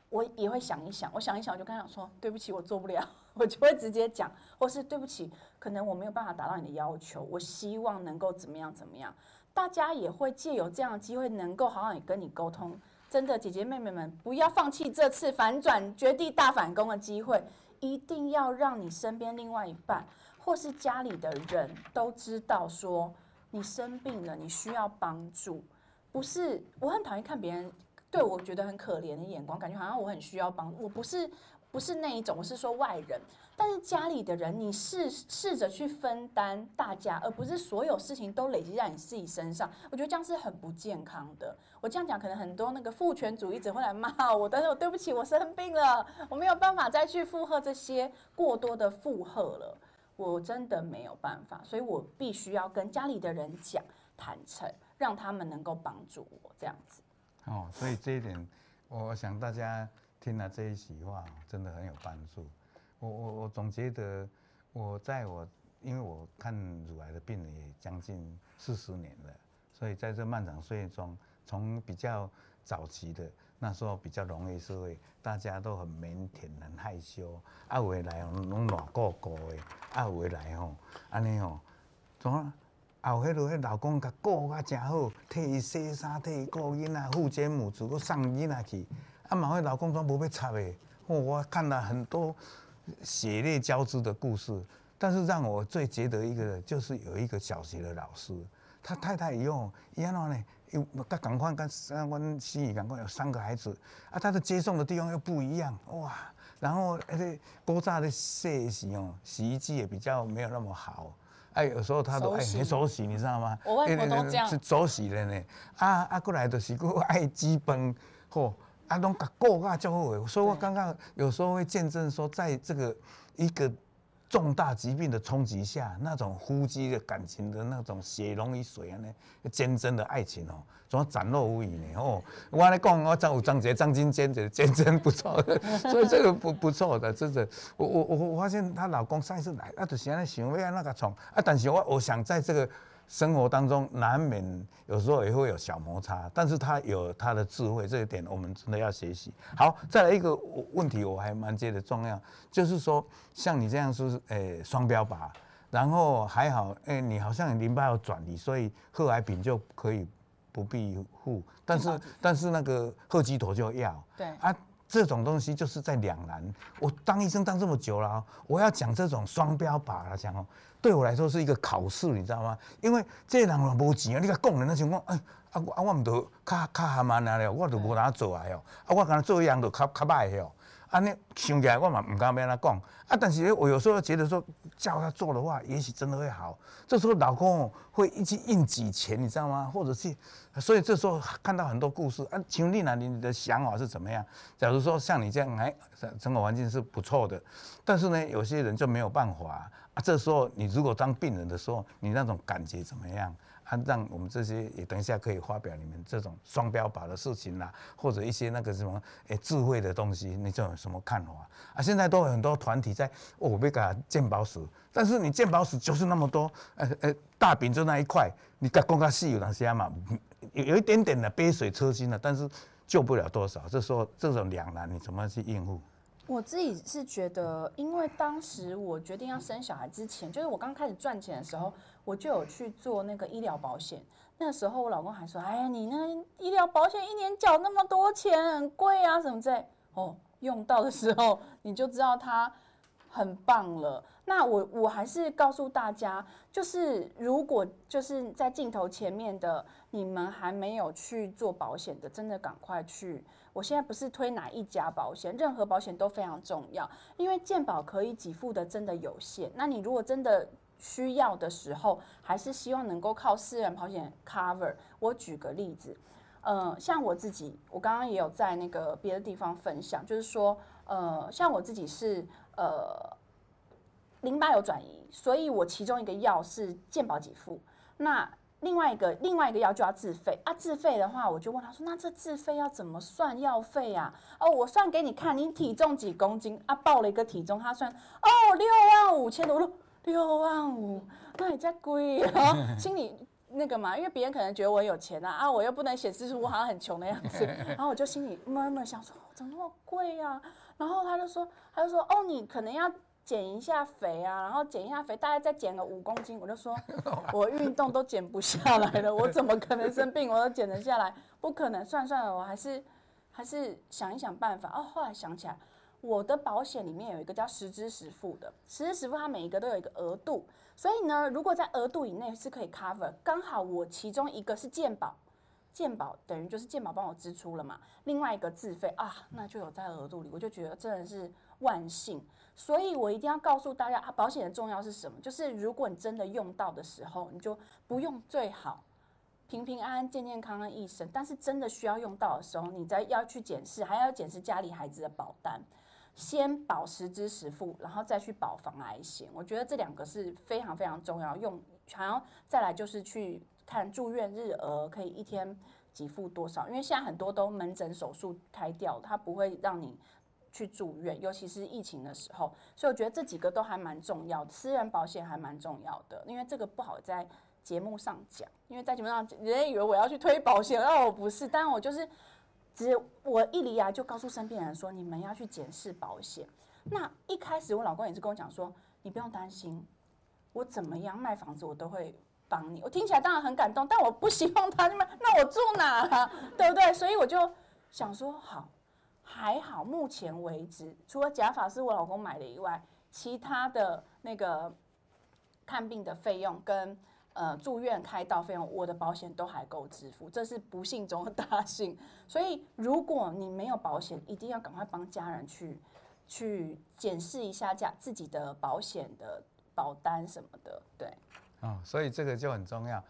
我也會想一想。我想一想，我就跟他說，對不起，我做不了， *laughs* 我就會直接講，或是對不起，可能我沒有辦法達到你的要求。我希望能夠怎麼樣怎麼樣。大家也會藉由這樣的機會，能夠好好也跟你溝通。真的，姐姐妹妹們，不要放棄這次反轉絕地大反攻的機會，一定要讓你身邊另外一半或是家裡的人都知道，說你生病了，你需要幫助。不是，我很討厭看別人對我覺得很可憐的眼光，感覺好像我很需要幫，我不是。不是那一種，我是說外人，但是家裡的人你，你試試着去分擔大家，而不是所有事情都累積在你自己身上。我覺得這樣是很不健康的。我這樣講，可能很多那個父權主義者會來罵我，但是我對不起，我生病了，我沒有辦法再去負荷這些過多的負荷了，我真的沒有辦法，所以我必須要跟家裡的人講坦誠，讓他們能夠幫助我這樣子。哦，所以這一點，我想大家。聽了這一席話，真的很有幫助。我我我總覺得，我在我因為我看乳癌的病人也將近四十年了，所以在這漫長歲月中，從比較早期的那時候比較容易，是會大家都很腼腆、很害羞來。啊，回來吼，攏亂過過的；啊，回來吼，安尼吼，怎啊？啊，有迄路迄老公較顧較真好，替伊洗衫，替伊顧囡仔，護接母子，都送囡仔去。啊，買回老公裝不被插唄。我看了很多血淚交織的故事，但是讓我最覺得一個就是有一個小學的老師，他太太以後，然後呢又他趕快跟三灣新宇趕快有三個孩子啊，他的接送的地方又不一樣哇。然後那些鍋灶的設施哦，洗衣機也比較沒有那麼好。哎、啊，有時候他都哎很手洗，你知道嗎？我外婆都這樣。是手洗的呢、欸。啊啊，過來的時候，愛煮飯，嚯！啊，攏個過個交會，所以我剛剛有時候會見證說，在這個一個重大疾病的衝擊下，那種夫妻的感情的那種血濃於水啊，那堅貞的愛情哦、喔，怎麼展露無遺呢？哦、喔，我咧講我真有張杰，張金堅這堅貞不錯，所以這個不不錯的，真的我我我發現她老公上一次來，啊，就是先咧想為啊那個從啊，但是我我想在這個。生活當中難免有時候也會有小摩擦，但是他有他的智慧，這一點我們真的要學習。好，再來一個問題，我還蠻覺得重要，就是說像你這樣是誒雙、欸、標靶，然後還好誒、欸、你好像淋巴有轉移，所以賀癌平就可以不必護，但是好但是那個賀疾妥就要。對。啊，這種東西就是在兩難。我當醫生當這麼久了，我要講這種雙標靶。了講哦。對我來說是一個考試，你知道嗎？因為這個人啊無錢啊，你講人的情況，哎，啊我啊我唔得，卡卡下慢啊了，我唔得無哪做啊喲，啊對我講做一樣就卡卡歹喲，安尼想起來我嘛唔敢咩哪講，啊但是我有時候覺得說叫他做的話，也許真的會好。這時候老公會一直印紙錢，你知道嗎？或者是，所以這時候看到很多故事啊，請問你呢，你的想法是怎麼樣？假如說像你這樣，哎，生活環境是不錯的，但是呢，有些人就沒有辦法。啊、這時候，你如果當病人的時候，你那種感覺怎麼樣？還、啊、讓我們這些也等一下可以發表你們這種雙標靶的事情啦、啊，或者一些那個什麼誒智慧的東西，你就有什麼看法？啊，現在都有很多團體在哦，別講健保署，但是你健保署就是那麼多，呃呃，大餅就那一塊，你再公看細有哪些嘛，有有一點點的、啊、杯水車薪的、啊，但是救不了多少。這時候這種兩難、啊，你怎麼去應付？我自己是覺得，因為當時我決定要生小孩之前，就是我剛開始賺錢的時候，我就有去做那個醫療保險。那時候我老公還說：“哎呀，你那醫療保險一年繳那麼多錢，很貴啊，什麼之類。”哦，用到的時候你就知道它很棒了。那我我還是告訴大家，就是如果就是在鏡頭前面的你們還沒有去做保險的，真的趕快去。我現在不是推哪一家保險，任何保險都非常重要，因為健保可以給付的真的有限。那你如果真的需要的時候，還是希望能夠靠私人保險 cover。我舉個例子，呃，像我自己，我剛剛也有在那個別的地方分享，就是說，呃，像我自己是呃淋巴有轉移，所以我其中一個藥是健保給付，那。另外一個另外一個藥就要自費啊，自費的話，我就問他說，那這自費要怎麼算藥費呀？哦，我算給你看，你體重幾公斤？啊，報了一個體重，他算，哦，六萬五千多，我說六萬五，那也貴啊，心裡那個嘛，因為別人可能覺得我有錢啊，啊，我又不能顯示出我好像很窮的樣子，然後我就心裡默默想說，哦，怎麼那麼貴呀，啊？然後他就說，他就說，哦，你可能要。減一下肥啊，然後減一下肥，大概再減個五公斤，我就說，我運動都減不下來了，我怎麼可能生病？我都減得下來，不可能，算算了，我還是還是想一想辦法啊，哦。後來想起來，我的保險裡面有一個叫實支實付的，實支實付它每一個都有一個額度，所以呢，如果在額度以內是可以 cover。剛好我其中一個是健保，健保等於就是健保幫我支出了嘛，另外一個自費啊，那就有在額度裡，我就覺得真的是萬幸。所以我一定要告訴大家，啊，保險的重要是什麼？就是如果你真的用到的時候，你就不用，最好平平安安、健健康康一生。但是真的需要用到的時候，你再要去檢視，還要檢視家裡孩子的保單，先保實支實付，然後再去保防癌險。我覺得這兩個是非常非常重要。用還要再來就是去看住院日額，可以一天給付多少？因為現在很多都門診手術開掉，它不會讓你。去住院，尤其是疫情的時候，所以我覺得這幾個都還蠻重要的，私人保險還蠻重要的，因為這個不好在節目上講，因為在節目上人家以為我要去推保險，然後我不是，但我就是，只我一罹癌就告訴身邊人說，你們要去檢視保險。那一開始我老公也是跟我講說，你不用擔心，我怎麼樣賣房子我都會幫你，我聽起來當然很感動，但我不希望他那麼，那我住哪啊？對不對？所以我就想說好。還好，目前為止，除了假髮是我老公買的以外，其他的那個看病的費用跟呃住院開刀費用，我的保險都還夠支付，這是不幸中的大幸。所以，如果你沒有保險，一定要趕快幫家人去去檢視一下假自己的保險的保單什麼的。對，哦，所以這個就很重要。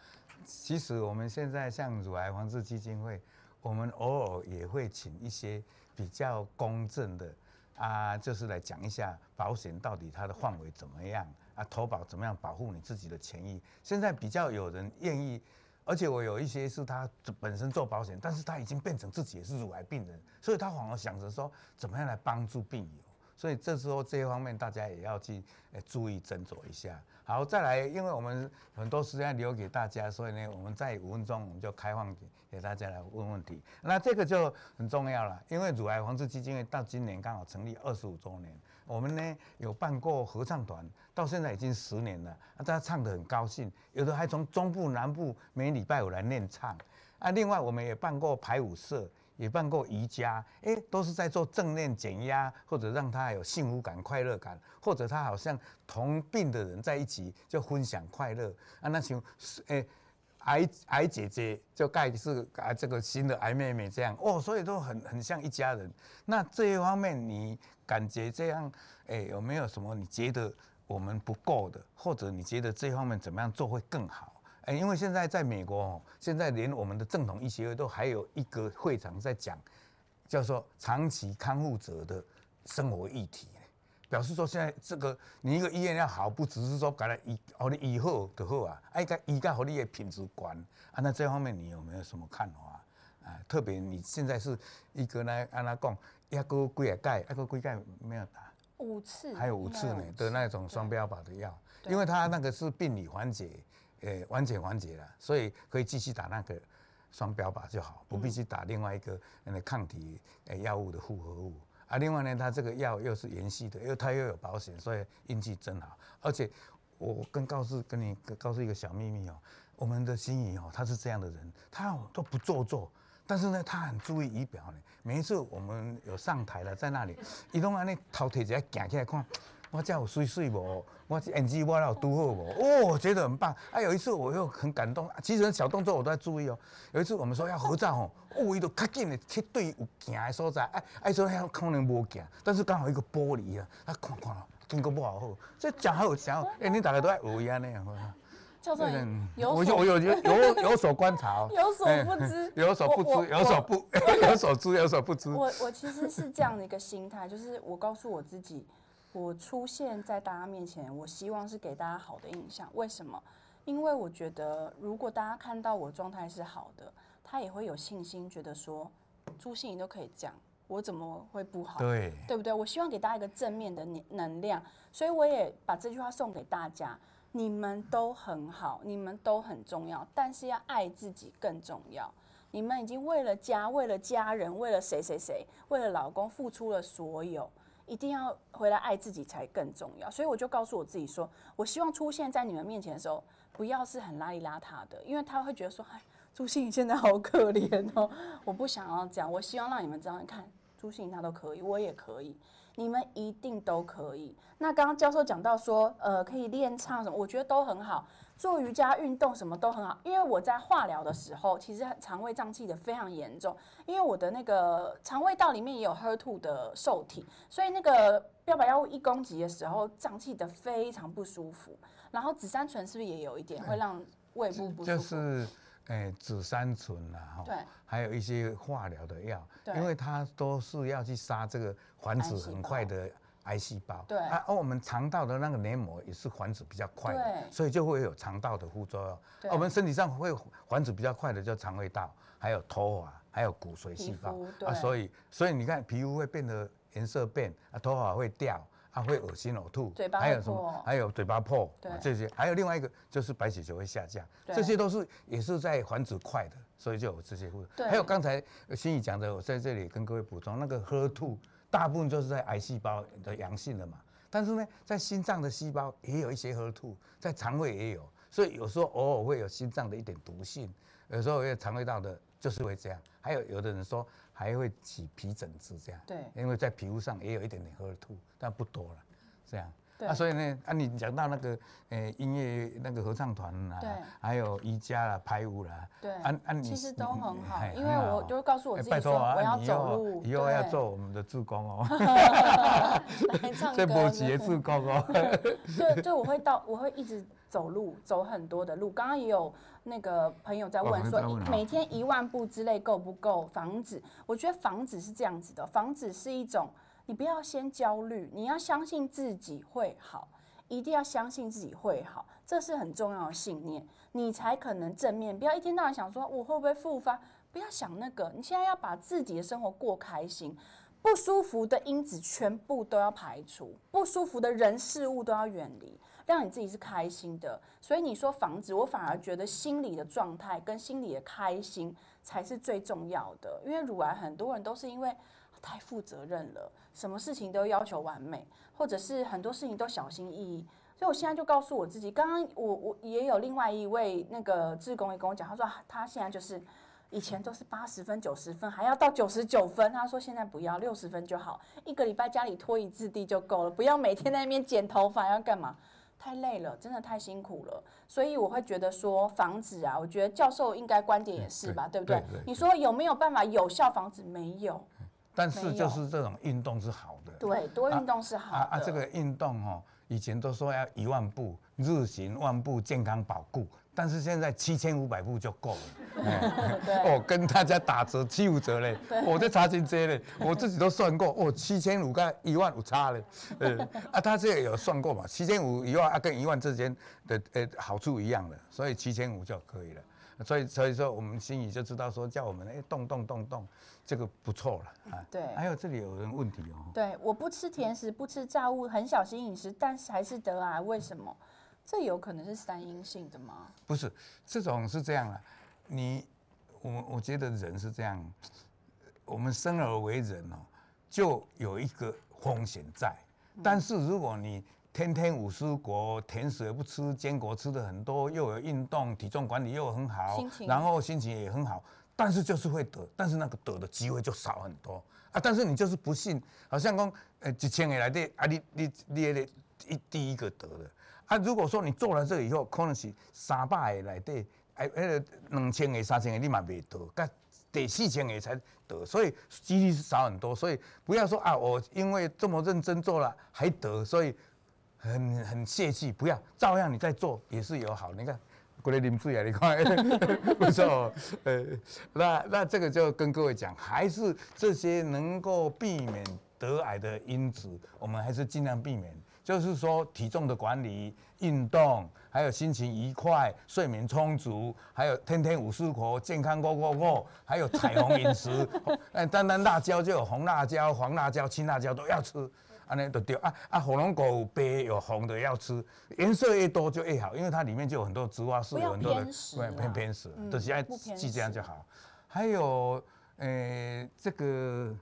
其實我們現在像乳癌防治基金會，我們偶爾也會請一些。比較公正的啊，就是來講一下保險到底它的範圍怎麼樣啊，投保怎麼樣保護你自己的權益。現在比較有人願意，而且我有一些是他本身做保險，但是他已經變成自己也是乳癌病人，所以他反而想着說，怎麼樣來幫助病友。所以這時候這些方面大家也要去注意斟酌一下。好，再來，因為我們很多時間留給大家，所以呢，我們在五分鐘我們就開放給大家來問問題。那這個就很重要了，因為乳癌防治基金會到今年剛好成立二十五週年，我們呢有辦過合唱團，到現在已經十年了，大家唱得很高興，有的還從中部南部每禮拜五來練唱。啊，另外我們也辦過排舞社。也辦過瑜伽，哎、欸，都是在做正念減壓，或者讓他有幸福感、快樂感，或者他好像同病的人在一起，就分享快樂。啊，那請哎，癌、欸、癌姐姐就蓋是啊這個新的癌妹妹這樣哦，所以都很很像一家人。那這一方面你感覺這樣，哎、欸，有沒有什麼你覺得我們不夠的，或者你覺得這方面怎麼樣做會更好？因為現在在美國哦，現在連我們的正統醫學都還有一個會長在講，叫做長期康復者的生活議題，表示說現在這個你一個醫院要好，不只是說改了以哦，你以後的後啊，哎，個醫改和你的品質觀啊，那這方面你有沒有什麼看法啊？特別你現在是一個呢，按他講，還個幾下蓋，還個幾蓋沒有打，五次，還有五次呢，的那種雙標靶的藥，對 因為它那個是病理緩解誒，欸、完結完結了，所以可以繼續打那個雙標靶就好，不必去打另外一個，個抗體藥物的複合物。啊，另外呢，他這個藥又是延續的，又他又有保險，所以運氣真好。而且我跟告訴跟你告訴一個小秘密哦、喔，我們的芯儀哦，他是這樣的人，他都不做作，但是呢，他很注意儀表呢、欸。每一次我們有上台了，在那裡，一動啊，呢，頭抬一下，起來看。我，有水水我這樣水水無，我眼睛我有都好無，哦，我覺得很棒。哎、啊，有一次我又很感動，其實小動作我都在注意哦。有一次我們說要合照，吼，哦，伊、 *laughs* 哦、就較緊的去對有行的所在，哎、啊，哎、啊，說遐可能無行，但是剛好一個玻璃啊，啊，看看，經過不好所以好。這這樣還有這樣，哎， *laughs* 你大概都在學呀那樣。教授，有我有有有有所觀察哦。 *laughs* 有所不知、欸。有所不知，有所不， *laughs* 有所知，有所不知。我我其實是這樣的一個心態， *laughs* 就是我告訴我自己。我出現在大家面前，我希望是給大家好的印象。為什麼？因為我覺得如果大家看到我狀態是好的，他也會有信心，覺得說朱芯儀都可以講，我怎麼會不好？對，對不對？我希望給大家一個正面的能能量，所以我也把這句話送給大家：你們都很好，你們都很重要，但是要愛自己更重要。你們已經為了家、為了家人、為了誰誰誰、為了老公付出了所有。一定要回來愛自己才更重要，所以我就告訴我自己說，我希望出現在你們面前的時候，不要是很邋裡邋遢的，因為他會覺得說，唉，朱芯儀你現在好可憐哦。喔，我不想要這樣，我希望讓你們這樣看朱芯儀，他都可以，我也可以。你們一定都可以。那剛剛教授講到說，呃，可以練唱什麼，我覺得都很好。做瑜伽運動什麼都很好，因為我在化療的時候，其實腸胃脹氣得非常嚴重。因為我的那個腸胃道裡面也有 HER2 的受體，所以那個標靶藥物一攻擊的時候，脹氣得非常不舒服。然後紫杉醇是不是也有一點會讓胃部不舒服？就是。欸、紫杉醇吶，吼對，還有一些化療的藥，對因為它都是要去殺這個繁殖很快的癌細胞。細胞對而、啊哦、我們腸道的那個黏膜也是繁殖比較快的，對所以就會有腸道的副作用對、啊。我們身體上會繁殖比較快的就腸胃道，對還有頭髮，還有骨髓細胞。皮膚，對。啊，所以，所以你看，皮膚會變得顏色變，啊，頭髮會掉。它會噁心嘔吐，還有什麼？還有嘴巴破，對 這些，還有另外一個就是白血球會下降，對 這些都是也是在繁殖快的，所以就有這些。對 還有剛才芯儀講的，我在這裡跟各位補充，那個 HER2 大部分就是在癌細胞的陽性的嘛，但是呢，在心臟的細胞也有一些 HER2，在腸胃也有，所以有時候偶爾會有心臟的一點毒性，有時候有腸胃道的就是會這樣。還有有的人說。還會起皮疹子這樣，對，因為在皮膚上也有一點點喝了吐，但不多了，這樣。對。所以呢，啊，你講到那個呃音樂那個合唱團啦，對，還有瑜伽啦、排舞啦，對，啊啊你其實都很好，因為我就會告訴我自己我要走路，以後要做我們的志工哦，哈哈哈哈哈，現在不是志工哦，對對，我會到我會一直走路走很多的路，剛剛也有。那個朋友在問說：“每天一萬步之類夠不夠？”房子，我覺得房子是這樣子的，房子是一種，你不要先焦慮，你要相信自己會好，一定要相信自己會好，這是很重要的信念，你才可能正面。不要一天到晚想說我會不會復發，不要想那個。你現在要把自己的生活過開心，不舒服的因子全部都要排除，不舒服的人事物都要遠離。讓你自己是開心的，所以你說房子，我反而覺得心理的狀態跟心理的開心才是最重要的。因為乳癌很多人都是因為太負責任了，什麼事情都要求完美，或者是很多事情都小心翼翼。所以我現在就告訴我自己，剛剛我我也有另外一位那個志工也跟我講，他說他現在就是以前都是八十分、九十分，還要到九十九分，他說現在不要六十分就好，一個禮拜家裡拖一次地就夠了，不要每天在那邊剪頭髮要幹嘛。太累了，真的太辛苦了，所以我會覺得說防止啊，我覺得教授應該觀點也是吧，對，對不對？對對對對，你說有沒有辦法有效防止？沒有，但是有就是這種運動是好的，對，多運動是好的。啊，啊，這個運動哦，以前都說要一萬步，日行萬步健康保固。但是現在七千五百步就夠了。我跟大家打折七五折嘞，對 我在查進貼嘞，我自己都算過，對 哦，七千五跟一萬五差嘞，呃、嗯，啊，他這也有算過嘛？七千五一萬啊，跟一萬之間的呃、欸、好處一樣的，所以七千五就可以了。所以所以說我們心裡就知道說叫我們哎、欸、動動動動，這個不錯了啊。對，還有這裡有人問題哦、喔。對，我不吃甜食，不吃炸物，很小心飲食，但是還是得癌、啊，為什麼？這有可能是三陰性的嗎？不是，這種是這樣的。你我我覺得人是這樣，我們生而為人哦、喔，就有一個風險在。嗯、但是如果你天天五蔬果、甜食也不吃，堅果吃的很多，又有運動，體重管理又很好，心情然後心情也很好，但是就是會得，但是那個得的機會就少很多啊。但是你就是不信，好像講呃幾千年來，的啊你你你那個一第一個得的。啊，如果說你做了這個以後，可能是三百個內底，哎，那兩千個、三千個你嘛未得，但第四千個才得，所以幾率少很多。所以不要說啊，我因為這麼認真做了還得，所以很很泄氣。不要，照樣你在做也是有好。你看過來啉水你看 *laughs* *laughs* 不錯。呃、欸，那那這個就跟各位講，還是這些能夠避免得癌的因子，我們還是盡量避免。就是說，體重的管理、運動，還有心情愉快、睡眠充足，還有天天五蔬果、健康過過過，還有彩虹飲食。哎， *laughs* 單單辣椒就有紅辣椒、黃辣椒、青辣椒都要吃，安尼都對啊啊。火龍果有白有紅的要吃，顏色越多就越好，因為它裡面就有很多植物素、啊，不偏啊、很多的，不要偏，偏食，都先記這樣就好。還有，哎、呃，這個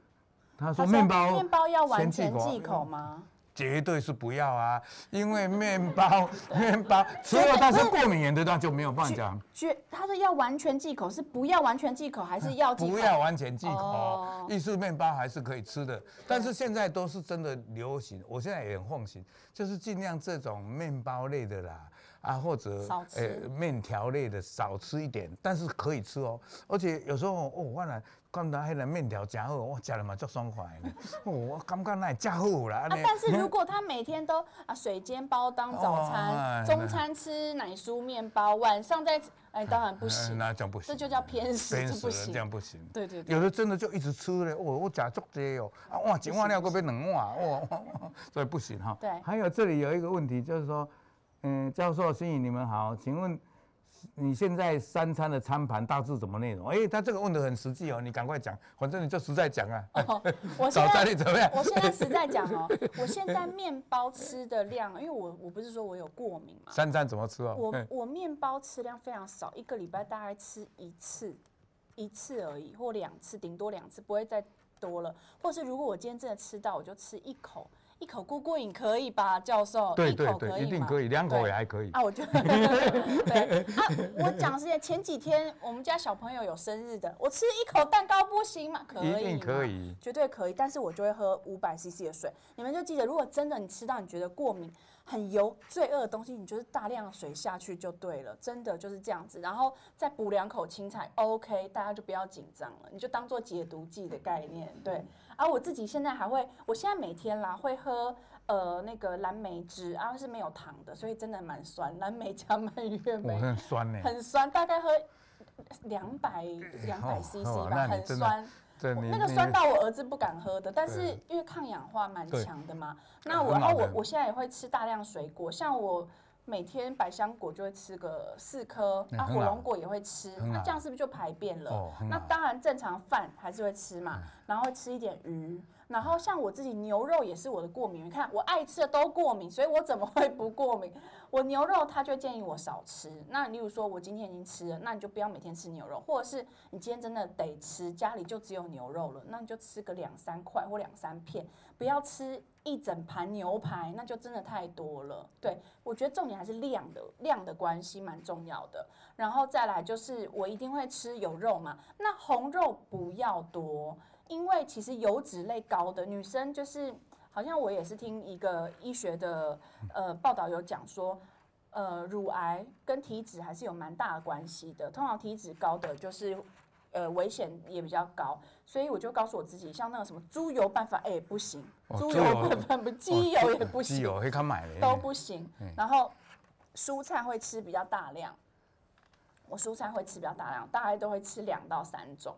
他說麵包，麵包要完，為要完全忌口嗎？絕對是不要啊，因為麵包、面 *laughs* 對 包吃了他是過敏原的，是那就沒有辦法講是絕。絕，他說要完全忌口是不要完全忌口，還是要、嗯、不要完全忌口？哦、意思面包還是可以吃的，但是現在都是真的流行，對 我現在也很奉行，就是儘量這種麵包類的啦，啊或者少吃 呃面條類的少吃一點，但是可以吃哦，而且有時候哦，我忘了單他迄個麵條真好，我吃了嘛足爽快。我感剛來也真好啦。啊，但是如果他每天都啊水煎包當早餐，中餐吃奶酥麵包，晚上再哎，當然不行。哪講不行？這就叫偏食，偏食這樣不行。對對。有的真的就一直吃了，我我假足多哦，啊哇，一晚尿過不兩晚，哇，所以不行哈。對。還有這裡有一個問題，就是說，嗯，教授、芯儀，你們好，請問。你現在三餐的餐盤大致怎麼內容？哎、欸，他這個問的很實際哦、喔，你趕快講，反正你就實在講啊，少、哦、你怎麼樣？我現在實在講哦、喔，我現在麵包吃的量，因為我我不是說我有過敏嘛。三餐怎麼吃啊、喔、我我麵包吃量非常少，一個禮拜大概吃一次一次而已，或兩次，頂多兩次，不會再多了。或是如果我今天真的吃到，我就吃一口。一口過過癮可以吧，教授？對對對，一口可以嗎？一定可以，兩口也還可以。啊，我就 *laughs* 對啊，我講實在，前幾天我們家小朋友有生日的，我吃一口蛋糕不行嗎？可以，一定可以，可以，絕對可以。但是我就會喝五百 CC 的水。你們就記得，如果真的你吃到你覺得過敏、很油、罪惡的東西，你就是大量的水下去就對了，真的就是這樣子。然後再補兩口青菜，OK，大家就不要緊張了，你就當做解毒劑的概念，對。啊，我自己現在還會，我現在每天啦會喝呃那個藍莓汁啊，是沒有糖的，所以真的蠻酸，藍莓加蔓越莓，很酸呢，哦，很酸，大概喝兩百兩百 CC 吧，很酸，那個酸到我兒子不敢喝的，你但是因為抗氧化蠻強的嘛，對那我哦我我現在也會吃大量水果，像我。每天百香果就會吃個四顆，啊，火龍果也會吃，那這樣是不是就排便了？那當然正常飯還是會吃嘛，然後會吃一點魚，然後像我自己牛肉也是我的過敏，你看我愛吃的都過敏，所以我怎麼會不過敏？我牛肉他就建議我少吃，那你例如說我今天已經吃了，那你就不要每天吃牛肉，或者是你今天真的得吃，家裡就只有牛肉了，那你就吃個兩三塊或兩三片，不要吃。一整盤牛排，那就真的太多了。對，我覺得重點還是量的，量的關係蠻重要的。然後再來就是，我一定會吃有肉嘛。那紅肉不要多，因為其實油脂類高的女生，就是好像我也是聽一個醫學的呃報道有講說，呃，乳癌跟體脂還是有蠻大的關係的。通常體脂高的就是。呃，危險也比較高，所以我就告訴我自己，像那種什麼豬油拌飯，哎、欸，不行；豬、哦、油拌飯不，雞油、哦、油也不行，雞油買了，都不行。嗯、然後蔬菜會吃比較大量，我蔬菜會吃比較大量，大概都會吃兩到三種。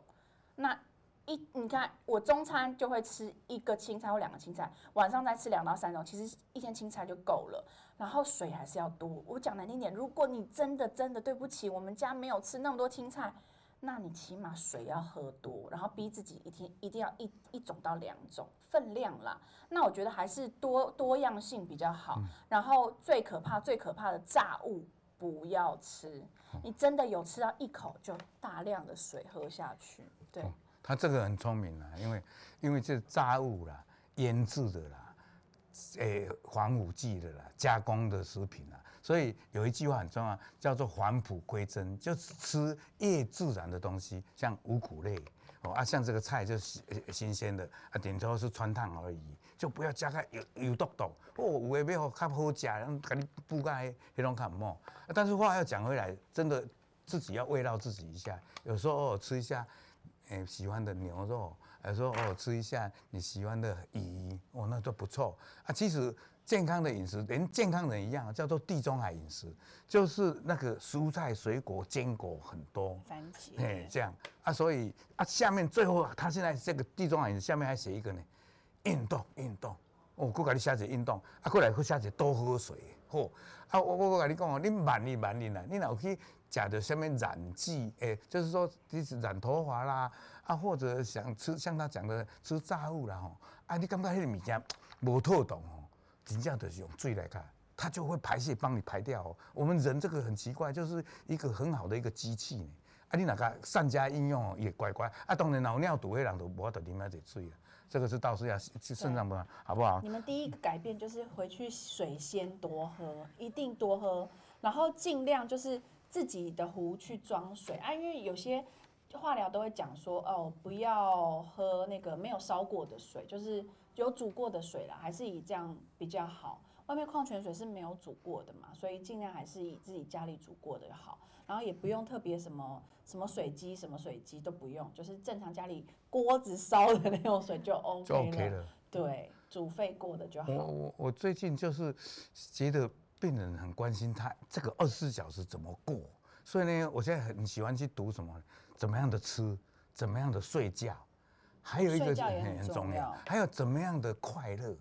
那一你看，我中餐就會吃一個青菜或兩個青菜，晚上再吃兩到三種，其實一天青菜就夠了。然後水還是要多。我講難聽點，如果你真的真的對不起，我們家沒有吃那麼多青菜。那你起碼水要喝多，然後逼自己一天一定要一一種到兩種分量啦。那我覺得還是多多樣性比較好。然後最可怕、最可怕的炸物不要吃，你真的有吃到一口就大量的水喝下去。對，哦、他這個很聰明啊，因為因為這炸物啦、醃製的啦、誒、欸、防腐劑的啦、加工的食品啊。所以有一句話很重要，叫做“返璞歸真”，就是吃越自然的東西，像五穀類哦啊，像這個菜就是新鮮的，啊頂多是汆燙而已，就不要加個油油多多哦。有誒要較好食，咁甲你補鈣迄種看唔錯。但是話要講回來，真的自己要慰勞自己一下，有時候偶爾吃一下誒、欸、喜歡的牛肉。還說哦，吃一下你喜歡的魚，哦，那都不錯啊。其實健康的飲食連健康人一樣，叫做地中海飲食，就是那個蔬菜、水果、堅果很多。番茄。哎，這樣對啊，所以啊，下面最後他現在這個地中海飲食下面還寫一個呢，運動運動哦，佫佮你寫者運動，啊，佫來佮你寫者多喝水。好啊，我我佮你講哦，你慢一慢哩啦，你要去。假的，下面染劑，哎、欸，就是說，就是染頭髮啦，啊，或者想吃像他講的吃炸物啦，吼，啊，你感覺那個物件，模特懂哦，真正的用嘴來看，他就會排泄幫你排掉，喔。我們人這個很奇怪，就是一個很好的一個機器呢。啊，你那個善加應用也乖乖。啊，當然腦尿毒的人就無法得你們這嘴了。這個是倒是要腎臟的，對好不好？你們第一個改變就是回去水先多喝，一定多喝，然後盡量就是。自己的壺去裝水啊，因為有些化療都會講說哦，不要喝那個沒有燒過的水，就是有煮過的水啦，還是以這樣比較好。外面礦泉水是沒有煮過的嘛，所以儘量還是以自己家裡煮過的好。然後也不用特別什麼什麼水機，什麼水機都不用，就是正常家裡鍋子燒的那種水就 OK 了。就 OK 了。對，煮沸過的就好。我我，我最近就是覺得。病人很關心他這個二十四小時怎麼過，所以呢，我現在很喜歡去讀什麼，怎麼樣的吃，怎麼樣的睡覺，還有一個也很重要，還有怎麼樣的快樂。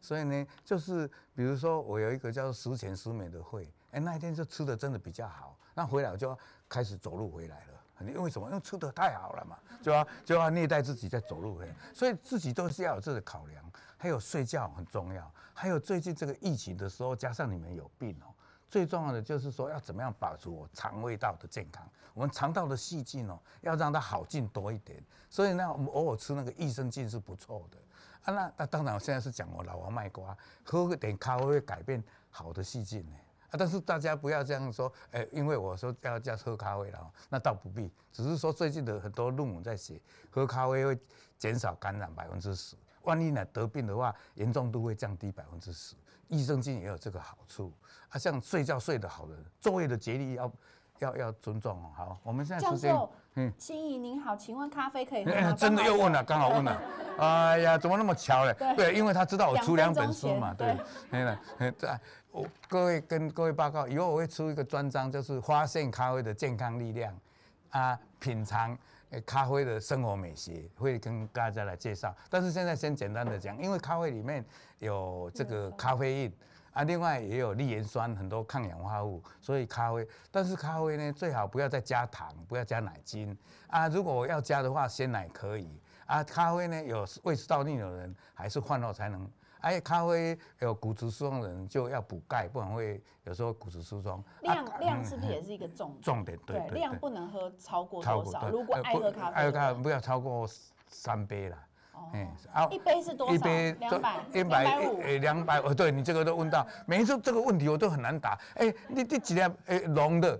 所以呢，就是比如說我有一個叫十全十美的會，哎，那一天就吃的真的比較好，那回來我就要開始走路回來了。因為什麼？因為吃的太好了嘛，就要就要虐待自己再走路回來，所以自己都是要有這個考量。還有睡覺很重要，還有最近這個疫情的時候，加上你們有病哦，最重要的就是說要怎麼樣保持我腸胃道的健康。我們腸道的細菌哦，要讓它好菌多一點，所以呢，我們偶爾吃那個益生菌是不錯的。啊，那那當然，我現在是講我老王賣瓜，喝點咖啡會改變好的細菌呢。啊，但是大家不要這樣說，哎，因為我說要要喝咖啡了哦，那倒不必，只是說最近的很多論文在寫，喝咖啡會減少感染百分之十。萬一呢得病的話，嚴重度會降低百分之十。益生菌也有這個好處。啊，像睡覺睡得好的，晝夜的節律要要要尊重哦。好，我們現在時間。教授，嗯，心怡您好，請問咖啡可以喝嗎？欸，真的又問了，剛好問了。對，哎呀，怎麼那麼巧呢？對，對，因為他知道我出兩本書嘛，對。好了，我各位跟各位報告，以後我會出一個專章，就是發現咖啡的健康力量，啊，品嘗。咖啡的生活美食會跟大家來介紹，但是現在先簡單的講，因為咖啡裡面有這個咖啡因啊，另外也有綠原酸、很多抗氧化物，所以咖啡。但是咖啡呢，最好不要再加糖，不要加奶精啊。如果我要加的話，鮮奶可以啊。咖啡呢，有胃食道逆的人還是飯後才能。而咖啡有骨質疏鬆的人就要補鈣，不然會有時候骨質疏鬆。量量是不是也是一個重重點？對，量不能喝超過多少？如果愛喝咖啡，愛喝咖啡不要超過三杯啦。一杯是多少？一杯兩百，兩百五。兩百五。對你這個都問到，每一次這個問題我都很難答。哎，你第幾代？哎，濃的，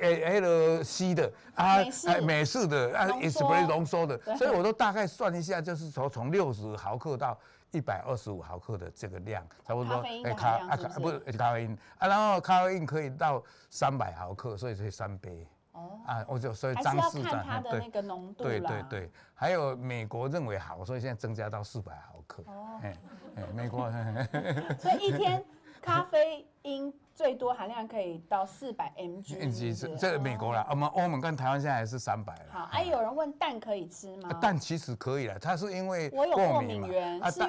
哎，L C 的，啊，美式的，啊，濃縮的，所以我都大概算一下，就是說從六十毫克到。一百二十五毫克的這個量，差不多。啡是不是哎，咖啊咖不咖啡因啊，然後咖啡因可以到三百毫克，所以是三杯。哦。啊，我就所以張。還是要看他的那個濃度、嗯。對對對，對，還有美國認為好，所以現在增加到四百毫克。哦、哎哎。美國。 *laughs* *laughs* 所以一天咖啡因最多含量可以到四百 mg，這個美國啦。哦、我們歐盟跟台灣現在還是三百了。好，哎、啊，有人問蛋可以吃嗎？啊、蛋其實可以了，它是因為過敏嘛，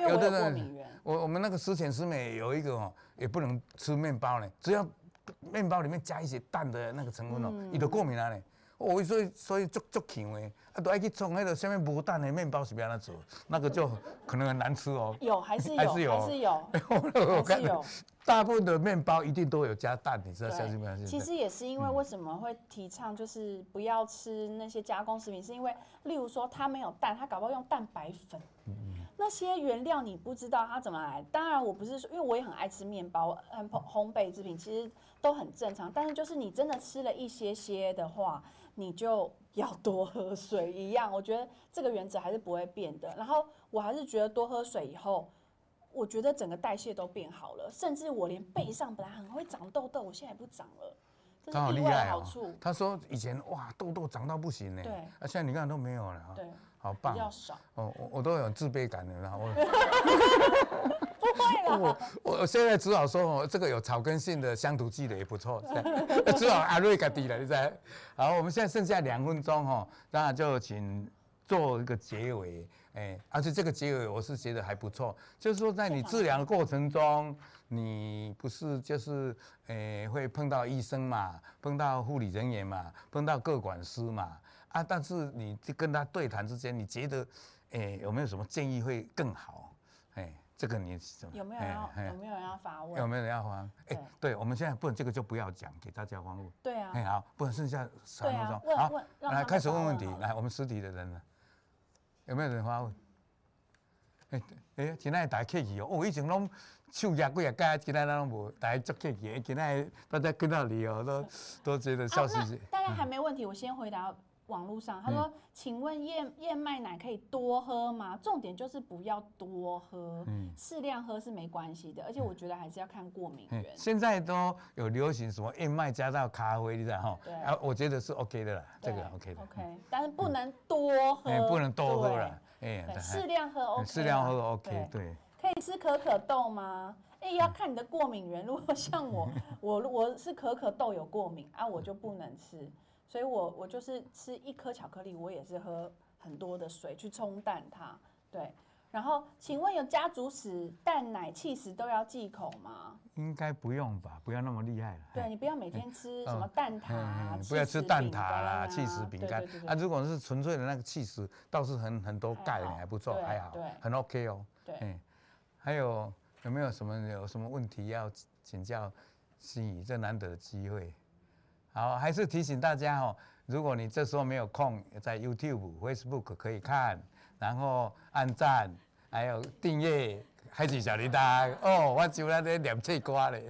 有的過敏。我我們那個十全十美有一個哦，也不能吃麵包呢，只要麵包裡面加一些蛋的那個成分哦，你的、嗯、過敏了哦，所以所以足足強的，啊都愛去創迄個什麼無蛋的面包是變安怎做？那個就可能很難吃哦。有還是還是有還是有，還是有。是有大部分的面包一定都有加蛋，你知道相信不相信？對在其實也是因為為什麼會提倡就是不要吃那些加工食品，嗯、是因為例如說它沒有蛋，它搞不好用蛋白粉。嗯嗯那些原料你不知道它怎麼來，當然我不是說，因為我也很愛吃面包、很烘烘焙制品，其實都很正常。但是就是你真的吃了一些些的話。你就要多喝水一樣，我覺得這個原則還是不會變的。然後我還是覺得多喝水以後，我覺得整個代謝都變好了，甚至我連背上本來很會長痘痘，我現在也不長了，真的意外的好處好厲害，哦。他說以前哇痘痘長到不行呢，對，啊現在你看都沒有了，對，好棒，比較少，哦我，我都有自卑感的，然後我。 *laughs* 對啊、我我現在只好說哦，這個有草根性的鄉土記得也不錯，知道 *laughs* *laughs* 只好阿瑞卡的了，現在好，我們現在剩下兩分鐘哈、哦，那就請做一個結尾，哎，而、啊、且這個結尾我是覺得還不錯，就是說在你治療的過程中，你不是就是誒、哎、會碰到醫生嘛，碰到護理人員嘛，碰到個管師嘛，啊，但是你跟他對談之間，你覺得哎，有沒有什麼建議會更好？這個你怎麼有沒有要？有沒有人要發問？有沒有人要發問？哎對、欸，對，我們現在不，這個就不要講，給大家發問。對啊，很、欸、好。不，剩下啥那種、啊？朵好，問問問，好，來開始問問題。來，我們實體的人呢，有沒有人發問？哎、欸、哎、欸，今天大家客氣哦、喔。哦、喔，以前攏手壓過幾下，今天咱攏無，大家足客氣。今天大家跟到你哦，都是都覺得笑嘻嘻。啊、大家還沒問題，嗯、我先回答。網絡上他說：“請問燕燕麥奶可以多喝嗎？重點就是不要多喝，適量喝是沒關係的。而且我覺得還是要看過敏源。現在都有流行什麼燕麥加到咖啡你知道哈，啊，我覺得是 OK 的了，這個 OK 的。OK，但是不能多喝，不能多喝了，哎，適量喝 OK，適量喝 OK，對。可以吃可可豆嗎？哎，要看你的過敏源。如果像我，我我是可可豆有過敏啊，我就不能吃。”所以我我就是吃一顆巧克力，我也是喝很多的水去沖淡它。對，然後請問有家族史，蛋奶、起司都要忌口嗎？應該不用吧，不要那麼厲害對、哎、你不要每天吃什麼蛋撻，不要吃蛋撻啦，起司餅乾啊。如果是純粹的那個起司，倒是很很多鈣，還不錯，還好，很 OK 哦。對、哎，還有有沒有什麼有什麼問題要請教芯儀？這難得的機會。好，還是提醒大家哦，如果你這時候沒有空，在 YouTube、Facebook 可以看，然後按讚，還有訂閱，開啟小鈴鐺。哦，我就在在念這歌嘞。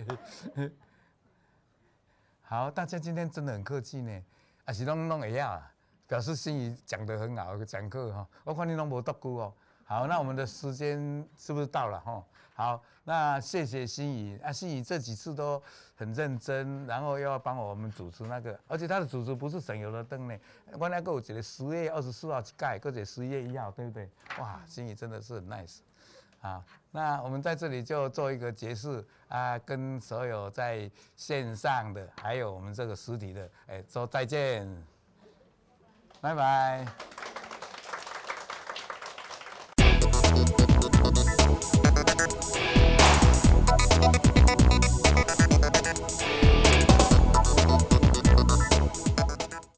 *laughs* 好，大家今天真的很客氣呢，還是都弄弄也要，表示心意，講得很好，講課哈、哦。我看你弄不倒估哦。好，那我們的時間是不是到了哈？哦好，那謝謝芯儀。啊，芯儀這幾次都很認真，然後又要幫我們主持那個，而且他的主持不是省油的燈呢。我那個我覺得十月二十四號去蓋，或者十一月一號，對不對？哇，芯儀真的是很 nice 啊。那我們在這裡就做一個結束啊，跟所有在線上的，還有我們這個實體的，哎、欸，說再見，拜拜。拜拜。